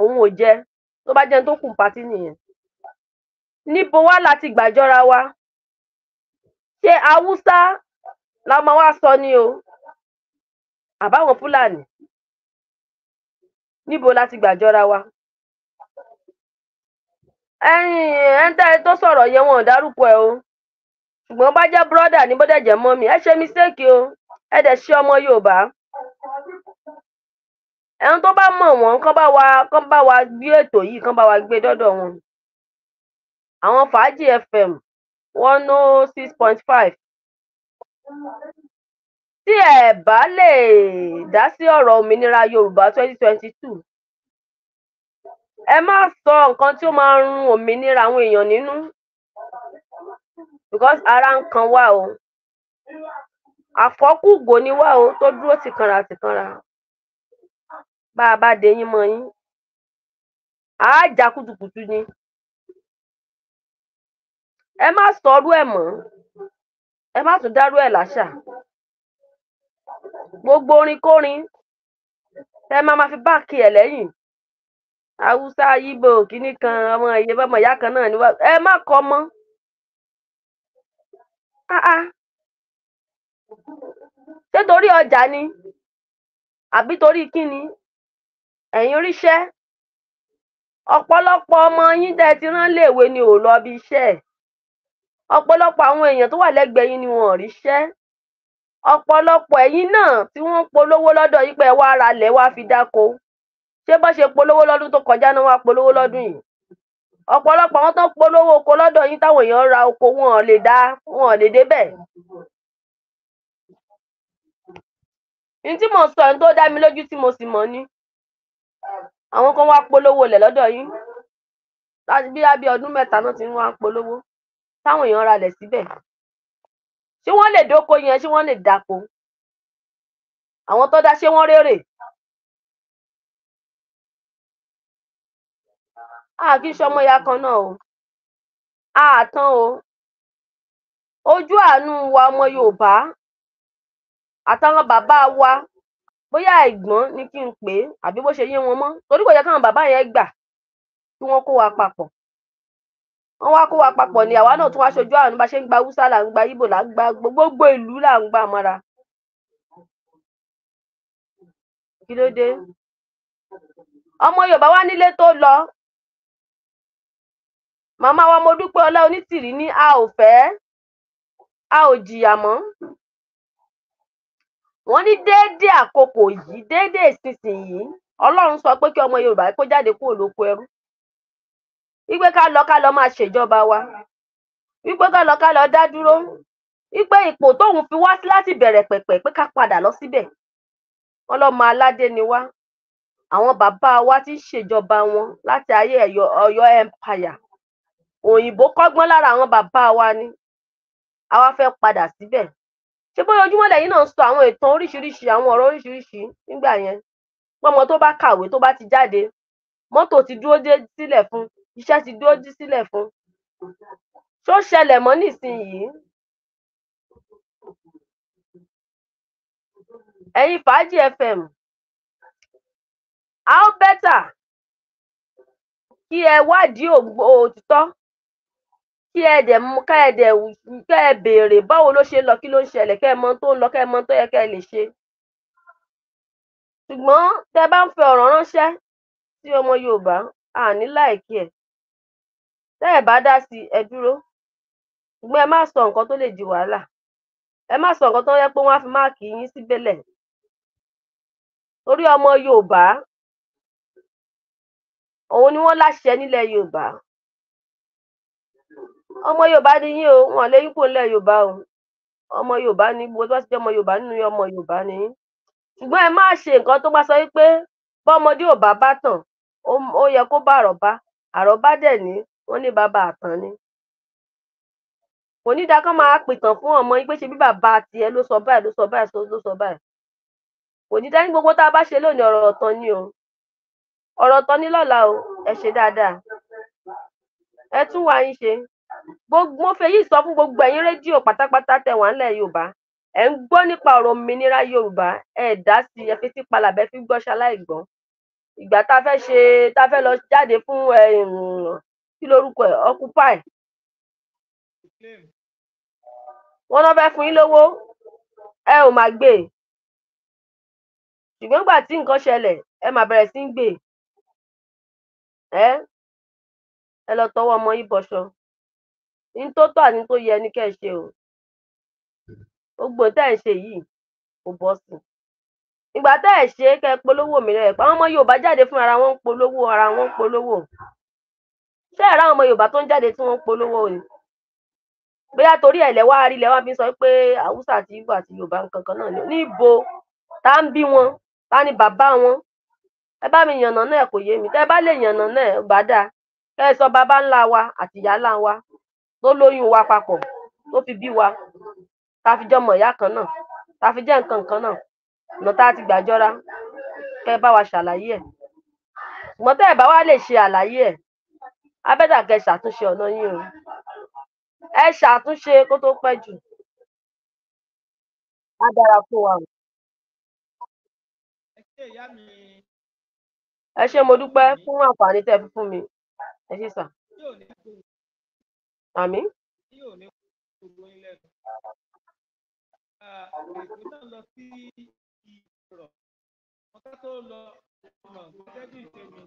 òun ò jẹ tó bá jẹ́ ẹni tó kù ní nìyẹn níbo wá la ti gbàjọra wa ṣé haúsá la máa wá sọ ni o àbáwọn fúlàní níbo la ti gbàjọra wa ẹyin ẹńtẹ tó sọ̀rọ̀ yẹn wọn ò dárúkọ ẹ o ṣùgbọ́n bá jẹ́ búrọdà ní bódà jẹ́ mọ́mì ẹ ṣe mistake o ẹ dẹ̀ ṣe ọmọ yorùbá ẹni tó bá mọ̀ wọ́n kán bá wa kán bá wa gbé ètò yìí kán bá wa gbé dọ́dọ̀ wọn àwọn fàájì fm one oh six point five tí ẹ bá lè dá sí ọ̀rọ̀ òmìnira yorùbá twenty twenty two ẹ má sọ nǹkan tí ó máa run òmìnira àwọn èèyàn nínú because ara ń kan wá o àfọkùgò ni wá o tó dúró tìkanra tìkanra bá a bá deyín mọ yín àá já kùtùkùtù ni. ẹ má sọrú ẹ̀ mọ́ ẹ má tún dárú ẹ̀ láṣà gbogbo orin kórin ẹ máa ma fi báàkì ẹ̀ lẹ́yìn haúsá yíbo kínní kan ọmọ ìyẹn bọmọ ìyá kan náà ni wá ẹ má kọ mọ́ ṣé torí ọjà ni àbí torí kíni ẹ̀yin oríṣẹ́ Ọpọlọpọ ọmọ yín dẹ́ ti rán léèwé ni ò lọ bí iṣẹ́ ọ̀pọ̀lọpọ̀ àwọn èèyàn tó wà lẹ́gbẹ̀ẹ́ yín ni wọn ò ríṣẹ́ ọ̀pọ̀lọpọ̀ ẹ̀yin náà tí wọ́n ń polówó lọ́dọ̀ yín pé ẹ wá ralẹ̀ wá fi dáko ṣé bọ́n ṣe polówó lọ́dún tó kọjá náà wá polówó lọ́dún yìí ọ̀pọ̀lọpọ̀ àwọn tó ń polówó oko lọ́dọ̀ yín táwọn èèyàn ra oko wọn ò lè dá wọn ò lè débẹ̀ ní tí mo sọ ní tó dá mi lójú tí mo sì mọ̀ ni àwọn kan wá polówó lẹ̀ lọ́dọ̀ yín bí abẹ́ ọdún náà ti ń wá polówó táwọn èèyàn ralẹ̀ síbẹ̀ ṣé wọ́n lè dóko yẹn ṣé wọ́n lè dáko àwọn tó dá ṣé wọ́n rérè a kì í ṣọmọ ya kan náà o a tán o ojú àánú wa ọmọ Yorùbá àtàwọn bàbá wa bóyá ẹ̀gbọ́n ni kí n pè é àbí bó ṣe yé wọn mọ́ torí kò yẹ káwọn bàbá yẹn gbà kí wọ́n kó wa papọ̀ wọn wá kó wa papọ̀ ni àwa náà tún wá ṣojú àwọn bá ṣe ń gba haúsá là ń gba ibo là ń gba gbogbo ìlú là ń gbà mọ́ra kí ló dé ọmọ yorùbá wá nílé tó lọ màmá wa mo dúpẹ́ ọlá onítìrí ní a ò fẹ́ a ò jìyà mọ́ wọ́n ní déédéé àkókò yìí déédéé ìsinsìnyí Ọlọ́run sọ pé kí ọmọ yorùbá kó jáde kúrò lóko ẹrú wípé ká lọ ká lọ máa ṣèjọba wa wípé ká lọ ká lọ dá dúró wípé ipò tóun fi wá sí láti bẹ̀rẹ̀ pẹ̀pẹ̀ pé ká padà lọ síbẹ̀ ọlọ́mọ aládé ni wá àwọn bàbá wa ti ń ṣèjọba wọn láti ayé Ọ̀yọ́ empire òyìnbó kọ́gbọ́n lára àwọn bàbá wa ni àwa fẹ́ padà síbẹ̀ ṣé bóyá ojúmọ́ lẹ́yìn náà ń sọ àwọn ìtàn oríṣiríṣi àwọn ọ̀rọ̀ oríṣiríṣi nígbà yẹn pọmọ tó bá kàwé tó bá ti jáde mọ́tò ti dúró dé sílẹ̀ fún Iṣẹ́ ti dójú sílẹ̀ fún un. Ṣó ṣẹlẹ̀ mọ́ nísìnyìí? Ẹ̀yin Fàájì FM, a ó bẹ́tà kí ẹ wádìí òtítọ́, kí ẹ dẹ̀ kẹ́ ẹ dẹ̀ kẹ́ ẹ béèrè báwo ló ṣe ń lọ, kí ló ń ṣẹlẹ̀, kẹ́ ẹ mọ ohun tó ń lọ, kẹ́ ẹ mọ ohun tó yẹ kẹ́ ẹ lè ṣe. Ṣùgbọ́n tẹ bá ń fi ọ̀rọ̀ ránṣẹ́ sí ọmọ Yorùbá, a láìkí ẹ̀. tẹ́ ẹ̀ bá dá sí i ẹ dúró ẹ má sọ nǹkan tó lè di wàhálà ẹ má sọ nǹkan tó jẹ́ pé wọ́n á fi máàkì yín síbélẹ̀ torí ọmọ ni wọ́n láṣẹ nílẹ̀ Yorùbá ọmọ o wọn lè yín o ọmọ Yorùbá ni gbogbo ti ọmọ Yorùbá nínú ọmọ Yorùbá ni yín ẹ má ṣe nǹkan tó bá sọ wípé bọ́mọdé ò bá bá ó yẹ kó bá wọ́n ní bàbá àtàn ni kò ní dáa kán máa pìtàn fún ọmọ yín pé ṣe bí bàbá tiẹ̀ ló sọ báyìí ló sọ báyìí ló sọ báyìí kò ní dáa ní gbogbo tá a bá ṣe lónìí ọ̀rọ̀ ọ̀tàn ni o ọ̀rọ̀ ọ̀tàn ni lọ́la o ẹ ṣe dáadáa ẹ tún wá yín ṣe mo fẹ́ yìí sọ fún gbogbo ẹ̀yin rédíò pátápátá tẹ́ wà ńlẹ̀ Yorùbá ẹ ń gbọ́ nípa ọ̀rọ̀ òmìnira Yorùbá ẹ dá sí ẹ fi sí palàbẹ fi gbọ́ ṣaláìgbọ́ ìgbà tá a fẹ́ ṣe tá a fẹ́ lọ jáde fún kí lorúkọ ẹ̀ occupy wọ́n náà fẹ́ẹ́ fún yín lówó ẹ ò máa gbé ṣùgbọ́n tí nǹkan ṣẹlẹ̀ ẹ máa bẹ̀rẹ̀ sí gbé ẹ ọmọ yín bọṣọ ní tó tó yẹ ẹ ṣe o gbogbo ẹ ṣe yìí kò sí ìgbà ẹ ṣe wọn ń ara wọn ń ṣé ẹ̀rọ àwọn ọmọ yorùbá tó ń jáde tí wọ́n ń polówó ni bóyá torí ẹ̀ lẹ́wọ́ arí lẹ́wọ́ fi sọ pé haúsá àti ibo àti yorùbá nǹkan kan náà níbo tá ń bí wọn tá ni bàbá wọn ẹ bá mi yànnà náà kò yé mi tẹ́ ẹ bá lè yànnà náà ẹ bá dáa kẹ́ ẹ sọ bàbá ńlá wa àti ìyá ńlá wa tó lóyún wa papọ̀ tó fi bí wa tá fi jọmọ ìyá kan náà tá fi jẹ́ nǹkan kan náà ọ̀nà tá a ti gbàjọra kẹ́ ẹ bá wa ṣàlàyé ẹ̀ ṣùgbọ́n tẹ́ ẹ bá wa lè ṣe àlàyé ẹ̀ abẹ́dà kẹ́ ẹ ṣàtúnṣe ọ̀nà yín o ẹ ṣàtúnṣe kó tó pẹ́ jù á dára fún wa. ẹ ṣé mo dúpẹ́ fún àǹfààní tẹ́ fi fún mi ẹ ṣé sà. àmín. Ọ̀ká tó lọ ọmọ gẹ́gẹ́ bí ìṣe mi.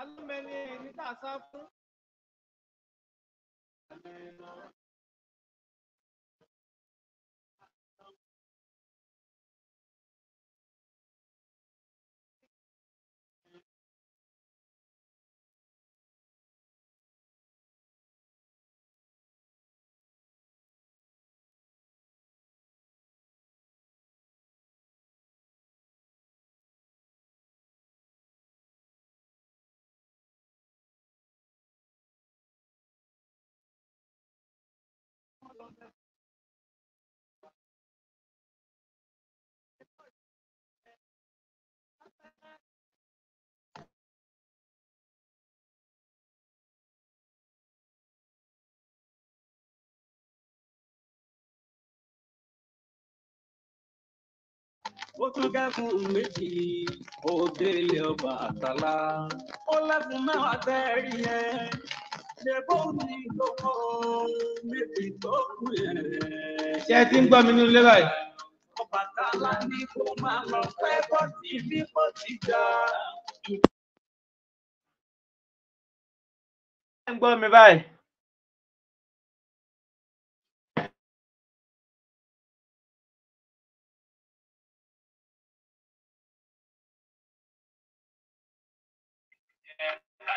Allô, mais il est à sa ó tún kẹ́kùn méjì òdèlé ọba àtàlà ó lẹ́kùn mẹ́wàá tẹ́rí yẹn ṣèbó ní gbogbo méjì tó kù yẹn. ṣé ẹ ti ń gbọ́ mi nínú ilé báyìí. Ọbàtálá ni kó máa lọ pẹ́ bó ti bí bó ti jà. ẹ ń gbọ́ mi báyìí. you.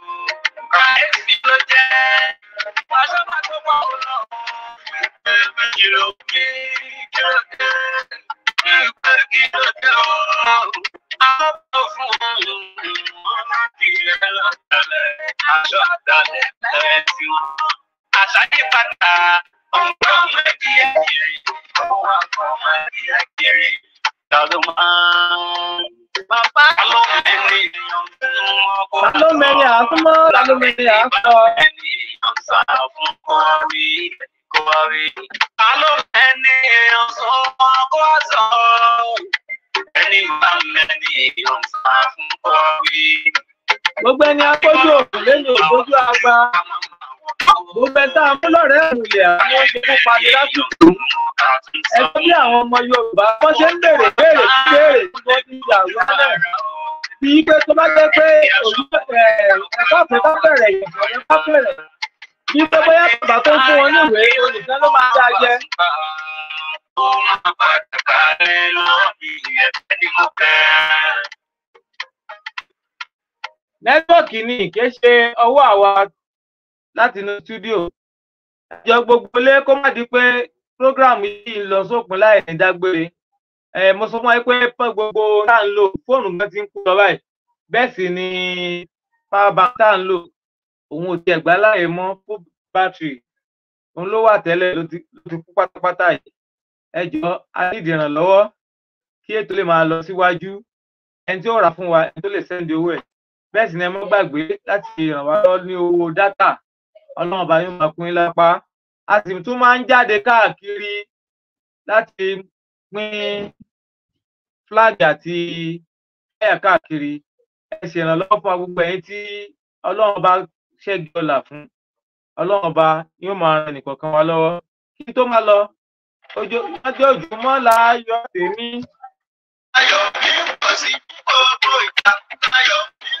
káyọ̀dé you jẹ́ pàṣọ́mà tó wà ó lọ. Ìgbẹ́ kí ló dé? Kí ló dé? Ìgbẹ́ kí ló dé o? Àwọn kò fún un. Wọ́n máa fi ẹ̀rọ àtàlẹ̀ aṣọ àtàlẹ̀ lẹ́yìn tí wọ́n. Àṣàdé pàtà ọ̀gbọ́n mẹ́kìyẹ́kìrì. Ó wà fún Alómẹ́ni àtúmọ̀ alómẹ́ni àtọ̀. Alómẹ́ni èèyàn sọ wọn kó sọ. Ẹni máa ń mẹ́ni èèyàn sá fún kọ́rí. Gbogbo ẹni akójú òkú lẹ́nu òkójú àgbà mo bẹ tá a mú lọ́rẹ́ ìrìnlẹ̀ àwọn oṣù pani lásìkò ẹgbẹ́ bí àwọn ọmọ Yorùbá wọ́n ṣe ń béèrè béèrè béèrè tí wọ́n ti yà wọ́n náà bí i pé tó bá jẹ́ pé ẹ̀ka àpò bá bẹ̀rẹ̀ ìyẹ̀wò bá bẹ̀rẹ̀ bí pé bóyá bàbá tó ń fún wọn ní ìwé olùkọ́ ló máa dá jẹ́. nẹ́tíwọ̀kì ni kì í ṣe ọwọ́ àwa láti inú stúdíò àjọ gbogbo lé kó má di pé program yìí ń lọ sópin láì ní dágbére mo sọ fún ẹ pé gbogbo tá à ń lò fóònù gan ti ń kú lọ báyìí bẹ́ẹ̀ sì ni power bank tá à ń lò òun ò tiẹ̀ gbá láàyè mọ́ fún battery òun ló wà tẹ́lẹ̀ ló ti kú pátápátá yìí ẹ jọ̀ọ́ a ní ìdìrànlọ́wọ́ kí ètò lè máa lọ síwájú ẹni tí ó rà fún wa ẹni tó lè sẹ́ndì owó ẹ̀ bẹ́ẹ̀ sì ni ẹ mọ́ gbàgbé láti ràn wá lọ ní owó dátà ọlọ́run ọba yóò máa kún yín lápá a sì tún máa ń jáde káàkiri láti pín fúláàgì àti ẹ̀yà káàkiri ẹ ìrànlọ́wọ́ fún gbogbo ẹ̀yin tí ọlọ́run ọba ṣẹ́gi ọ̀là fún ọlọ́run ọba yóò máa ran ẹnìkọ̀ọ̀kan wa lọ́wọ́ kí tó máa lọ ọjọ́ òjòmọ́ la yọ tèmi. ayọ̀ mi ń pọ̀ sí gbogbo ìgbà ayọ̀ mi ń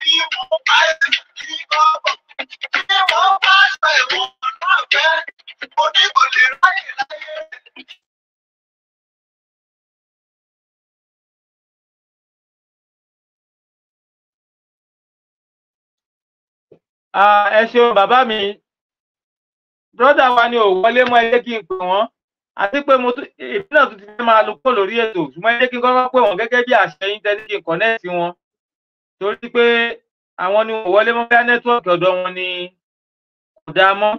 bí wọ́n bá ṣe kí bọ́bọ̀ bí wọ́n bá ṣe ìwọ̀n náà fẹ́ onígbò lè ráyè láyé. ẹ ṣeun bàbá mi brọ́dà wa ni ò wọlé mọ́ ẹ jẹ́ kí n pè wọ́n àti pé mo èmi náà ti máa lọ kó lórí ètò ṣùgbọ́n ẹ kí n kọ́kọ́ pè wọ́n gẹ́gẹ́ bí àṣẹ yín tẹ́lẹ̀ kí n kọ́nẹ́ẹ̀tì wọn torí pé àwọn ni wọn wọlé mọ bá nẹtíwọọkì ọdọ wọn ni kò dáa mọ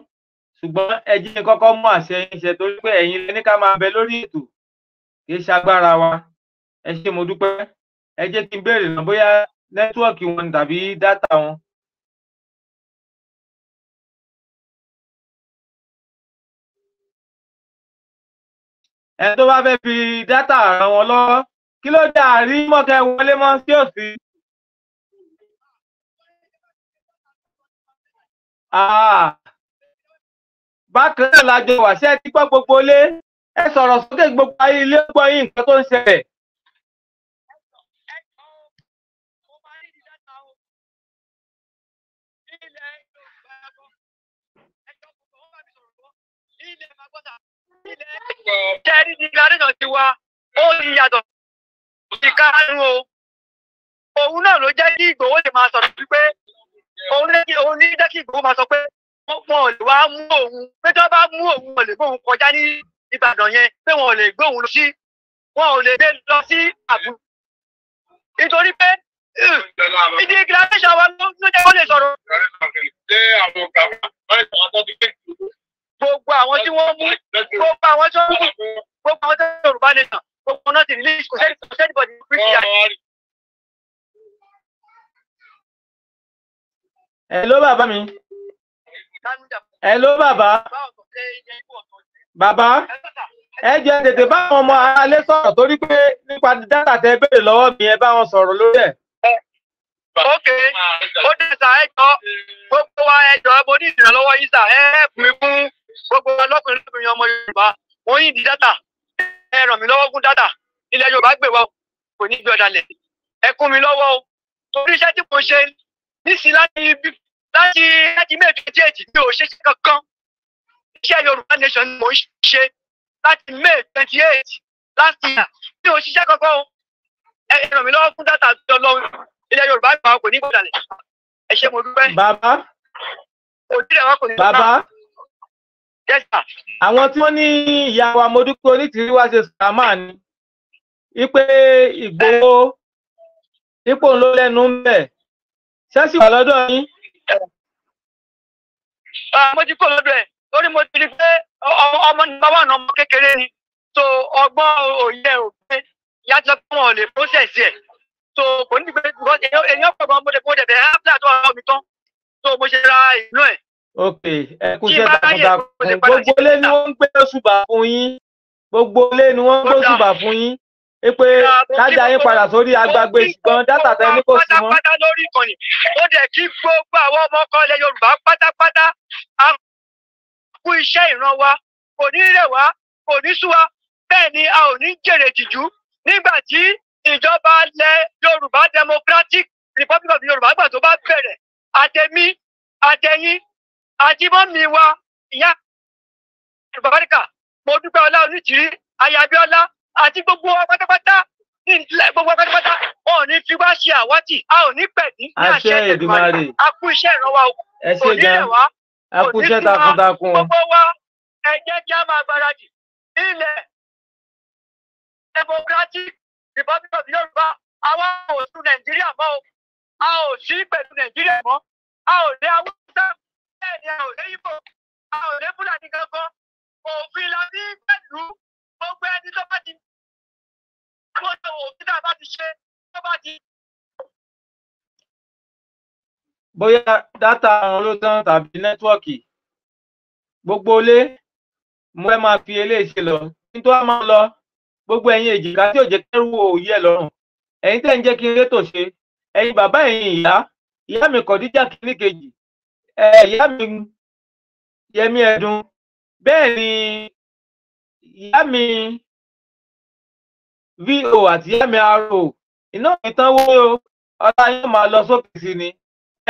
ṣùgbọn ẹ jẹ́ kí n kọ́kọ́ mú àṣẹ yín ṣe torí pé ẹ̀yin lẹni ká máa bẹ lórí ètò kì í ṣagbára wa ẹ ṣe mo dúpẹ́ ẹ jẹ́ kí n béèrè náà bóyá nẹtíwọọkì wọn tàbí dátà wọn. ẹni tó bá fẹ́ fi dátà ràn wọ́n lọ́wọ́ kí ló dé àrí mọ́kẹ́ wọlé mọ́ sí òsì. Ah. bákan náà lájọ wà sí ẹtí gbọ́ gbogbo ilé ẹ sọ̀rọ̀ sókè gbogbo ayé ilé gbọ́ yín nǹkan tó ń ṣẹlẹ̀. tẹ́rí ní gàdínà ti wá ó ní yàtọ̀ sí kánú o òun náà ló jẹ́ kí Ìgbòho lè máa sọ̀rọ̀ wípé òun ní jẹ́ kí ìgbòho máa sọ pé wọn ò lè wá mú òun pé tí wọ́n bá mú òun wọn lè gbóhùn kọjá ní Ìbàdàn yẹn pé wọn ò lè gbóhùn lọ sí wọn ò lè dé lọ sí àbú nítorí pé ìdí ìgbìlásẹ̀sọ̀ wa ló jẹ́ kó lè sọ̀rọ̀. gbogbo àwọn tí wọ́n mú gbogbo àwọn tí wọ́n mú gbogbo àwọn tí Yorùbá nation gbogbo náà ti release kò sẹ́ni kò sẹ́ni bọ̀dì ní píríṣì yàrá. Hello, ló bàbá mi ẹ ló bàbá bàbá ẹ jẹ́ tètè bá àwọn ọmọ aráalé sọ̀rọ̀ torí pé nípa dátà tẹ́ béèrè lọ́wọ́ mi ẹ bá wọn sọ̀rọ̀ lórí ẹ̀. ok ó dé sà ẹ jọ gbogbo wa ẹ jọ mo ní ìrànlọ́wọ́ yìí sà ẹ fún mi fún gbogbo ọlọ́kùnrin lóbìnrin ọmọ Yorùbá mo yìn di dátà ẹ ràn mí lọ́wọ́ fún dátà ilẹ̀ Yorùbá gbè wá kò ní bí ọ̀dàlẹ̀ ẹ kún mi lọ́wọ́ o torí iṣẹ́ tí mo ṣe nísìnyí láti láti láti méjèèjì mi ò ṣe ṣe kankan iṣẹ́ yorùbá nation ni mò ń ṣe láti may twenty eight last year mi ò kankan o ẹ ràn mí lọ́wọ́ fún dátà àti ọlọ́run ilẹ̀ yorùbá ìgbà kò ní gbọdàlẹ̀ ẹ ṣe mo dúpẹ́. bàbá òdìrẹ wọn kò ní gbọdàlẹ̀. bàbá àwọn tí wọ́n ní ìyàwó amódúkú onítìrí wá ṣe sàmà ni wípé Ìgbòho ipò ńlọ lẹ́nu ń bẹ sẹ́sì wà lọ́dọ̀ yín. Ah, mo ti kó lọ́dọ̀ ẹ̀ lórí mo ti rí pé ọmọ ní bàbá àná ọmọ kékeré ni so ọgbọ́n òye ògbé ìyá ti sọ pé wọn ò lè process ẹ̀ so kò ní gbé èèyàn pọ̀ gan mọ́tò mọ́tò bẹ̀rẹ̀ áfíà tó ọ̀rọ̀ mi tán so mo ṣe ra ìlú ẹ̀. ok ẹ kú iṣẹ́ takuntakun gbogbo ilé ni wọ́n ń gbé oṣù bà fún yín gbogbo ilé ni wọ́n ń gbé oṣù bà fún yín pé kájà yín padà sórí agbágbé ṣùgbọ́n dátà tẹ ní kò sí mọ́. pátápátá lórí ìkànnì ó dẹ̀ kí gbogbo àwọn ọmọ ọkọ ilẹ̀ Yorùbá pátápátá á kú iṣẹ́ ìran wa kò ní rẹ̀ wá kò ní sú wa bẹ́ẹ̀ ni a ò ní jèrè jìjú nígbà tí ìjọba ilẹ̀ Yorùbá Democratic Republic of Yorùbá gbà tó bá bẹ̀rẹ̀ àtẹ̀mí àtẹ̀yìn àtìmọ́mí wa ìyá Yorùbá Amẹ́ríkà mo dúpẹ́ ọlá onítìrí ayabíọ́lá àti gbogbo wa pátápátá ní ìdílé gbogbo wa pátápátá wọn ò ní fi wá ṣe àwátì a ò ní pẹ̀lú ní àṣẹ Èdùmàrè a kú iṣẹ́ ìrànwá o kò ní lè wá kò ní fi wá gbogbo wa ẹ jẹ́ kí a máa gbáradì ilẹ̀ democratic republic of Yorùbá àwa ò sùn Nàìjíríà mọ́ o a ò sí pẹ̀lú Nàìjíríà mọ́ a ò lé awúsá bẹ́ẹ̀ ni a ò lé Ìgbò a ò lé Fúlàní kankan òfin la ní pẹ̀lú gbogbo ẹni tó bá ti kọ́ òbí náà bá ti ṣe tó bá ti. bóyá dátà àwọn ló tán tàbí nẹ́tíwọ́ọ̀kì gbogbo ilé mo fẹ́ máa fi eléyìí ṣe lọ nítorí a máa lọ gbogbo ẹ̀yin èjìká tí ò jẹ́ kẹ́rù òye ẹ̀ lọ́rùn ẹ̀yin tẹ́ ń jẹ́ kí n rétò ṣe ẹ̀yin bàbá ẹ̀yin ìyá ìyá mi kọ̀díjà kìíní kejì ìyá mi yẹmí ẹ̀dùn bẹ́ẹ̀ ni ìyá mi vo àti mro iná mi tán wó o ọlá yín máa lọ sókè sí ni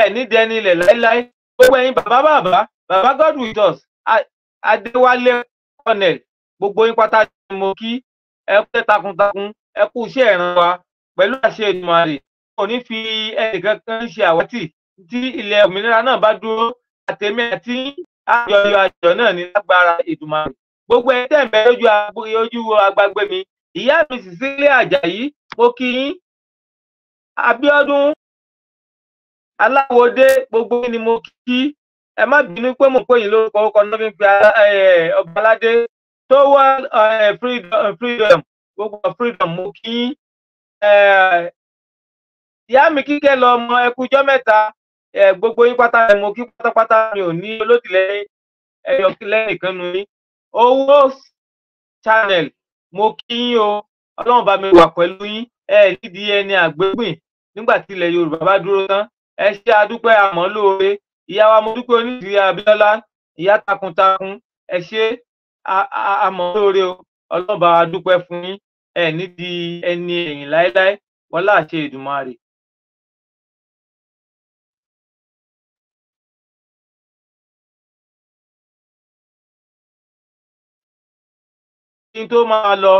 ẹ nídìí ẹni ilẹ̀ láéláé gbogbo ẹ̀yin bàbá bàbá bàbá god with us adéwálé colonel gbogbo yín pátá ni mo kí ẹ kú iṣẹ́ takuntakun ẹ kú iṣẹ́ ìran wa pẹ̀lú àṣẹ ìdùnmọ̀rì kò ní fi ẹnìkan kan ṣe àwátì tí ilẹ̀ òmìnira náà bá dúró àtẹ̀mí àti àjọyọ̀ àjọ náà ní lágbára ìdùnmọ̀rì gbogbo ẹ̀ tẹ̀ mẹ́ lójú agbágbé mi ìyá mi Cecilia Ajayi mo kí yín Abíọ́dún aláwọdé gbogbo ni mo kí ẹ má bínú pé mo pè yín lórúkọ orúkọ náà fi ń pe ọba tó wá freedom gbogbo freedom mo kí yín ìyá mi kíkẹ́ lọ ọmọ ẹkújọ́ mẹ́ta gbogbo yín pátá mo kí pátápátá mi ò ní olódìlẹ́yìn ẹ̀yọkí lẹ́yìn kan nu yín owó channel mo kí yín o ọlọ́run bá mi wà pẹ̀lú yín ẹ nídìí ẹni àgbégbìn nígbà tí ilẹ̀ yorùbá bá dúró tán ẹ ṣe àdúpẹ́ àmọ́ lóore ìyá wa mo dúpẹ́ onídìrí abíọ́lá ìyá takuntakun ẹ ṣe àmọ́ lóore o ọlọ́run bá wa dúpẹ́ fún yín ẹ nídìí ẹni ẹ̀yìn láéláé wọlá àṣẹ Èdùmàrè kí n tó máa lọ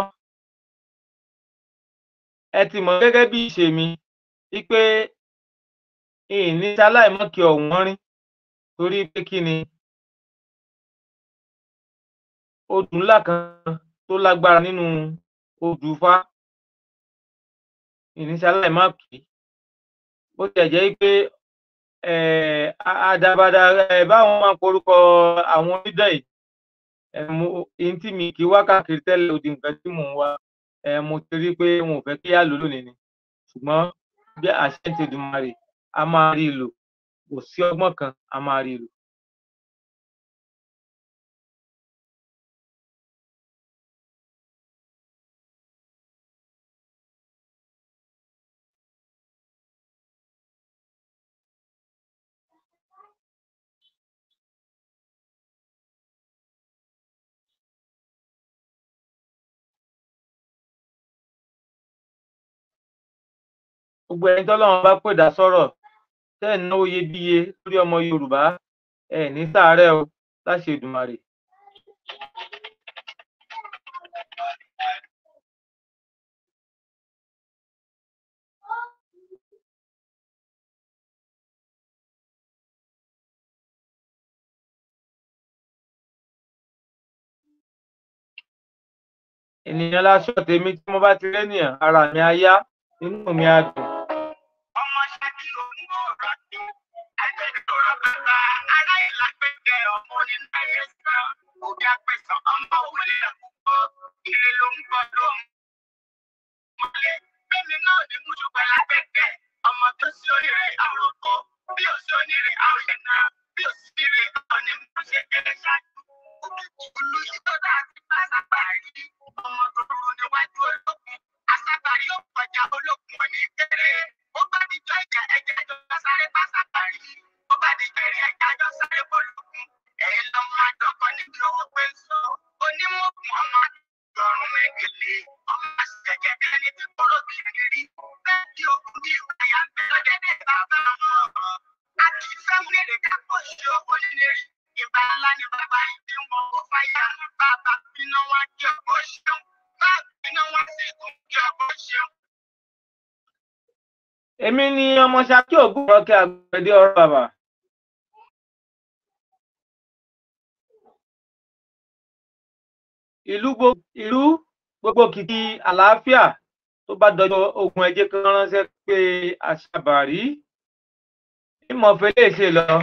ẹ ti mọ̀ gẹ́gẹ́ bí ìṣe mi wípé ìní aláìmọkì ọwọn rí torí pé kí ni odù ńlá kan tó lágbára nínú odù Ifá ìní aláìmọkì ó ti jẹ́ pé àdàbàdà báwọn máa ń porúkọ àwọn onídàn yìí mo n tí mi kì í wá káàkiri tẹ́lẹ̀ odi nǹkan tí mò ń wá mo ti rí i pé wọn fẹ́ kí á lò lónìí ni ṣùgbọ́n bí àṣẹ ti dùn máa rè a máa rí i lò kò sí ọgbọ́n kan a máa rí i lò. gbogbo ẹni tọ́lọ́run bá pè dá sọ̀rọ̀ tẹ́ ẹ̀ náwó iyebíye lórí ọmọ yorùbá ẹ̀ ní sàárẹ̀ o láṣẹ Èdùmàrè. ènìyàn láṣọ tèmi tí mo bá ti rẹ́ nìyàn ara mi á yá inú mi á dùn. ọmọ wúlẹ̀ púpọ̀ ilé ló ń gbọ́ ló ń mọ́lé bẹ́ẹ̀ni náà ni mú ṣùgbọ́n lábẹ́gbẹ́ ọmọ tó sí oníire àròkọ bí ó sí oníire àròyẹ̀nà bí ó sí oníire ọ̀nì mú ṣe kéré ṣáájú olú tó dáa ti bá sábàárì ọmọ tuntun níwájú olókun àsábàárì ó kọjá olókun òní kéré ó bá ti jọ ìjà ẹja jọ sáré bá sábàárì ó bá ti jẹrìí ẹja jọ sáré bólókun ẹ̀yin ló máa dọ́kọ́ ní kí owó pé ń sọ onímọ̀ọ́mù ọmọ àdìgbọ̀rún mẹ́gẹ̀lẹ́ ọmọ àṣẹ̀jẹ̀ bí ẹni tí kò lókè rírí bẹ́ẹ̀ kí ogun bí ìgbàyà ń bẹ lọ́dẹ́dẹ́ bàbá wọn a ni bàbá yìí ti ń wọ owó fáyà bàbá gbiná wá kí ọkọ̀ ṣeun bàbá gbiná wá sí ìkún kí ọkọ̀ ṣeun èmi ni ọmọ ṣakí ògùn ọkẹ àgbẹ̀dẹ ọ̀rọ̀ bàbá. ìlú gbogbo kìkì àlàáfíà tó bá dọjọ́ ogun ẹ̀jẹ̀ kan ránṣẹ́ pé àṣàbàrí ìmọ̀fẹ́lẹ́ ṣe lọ.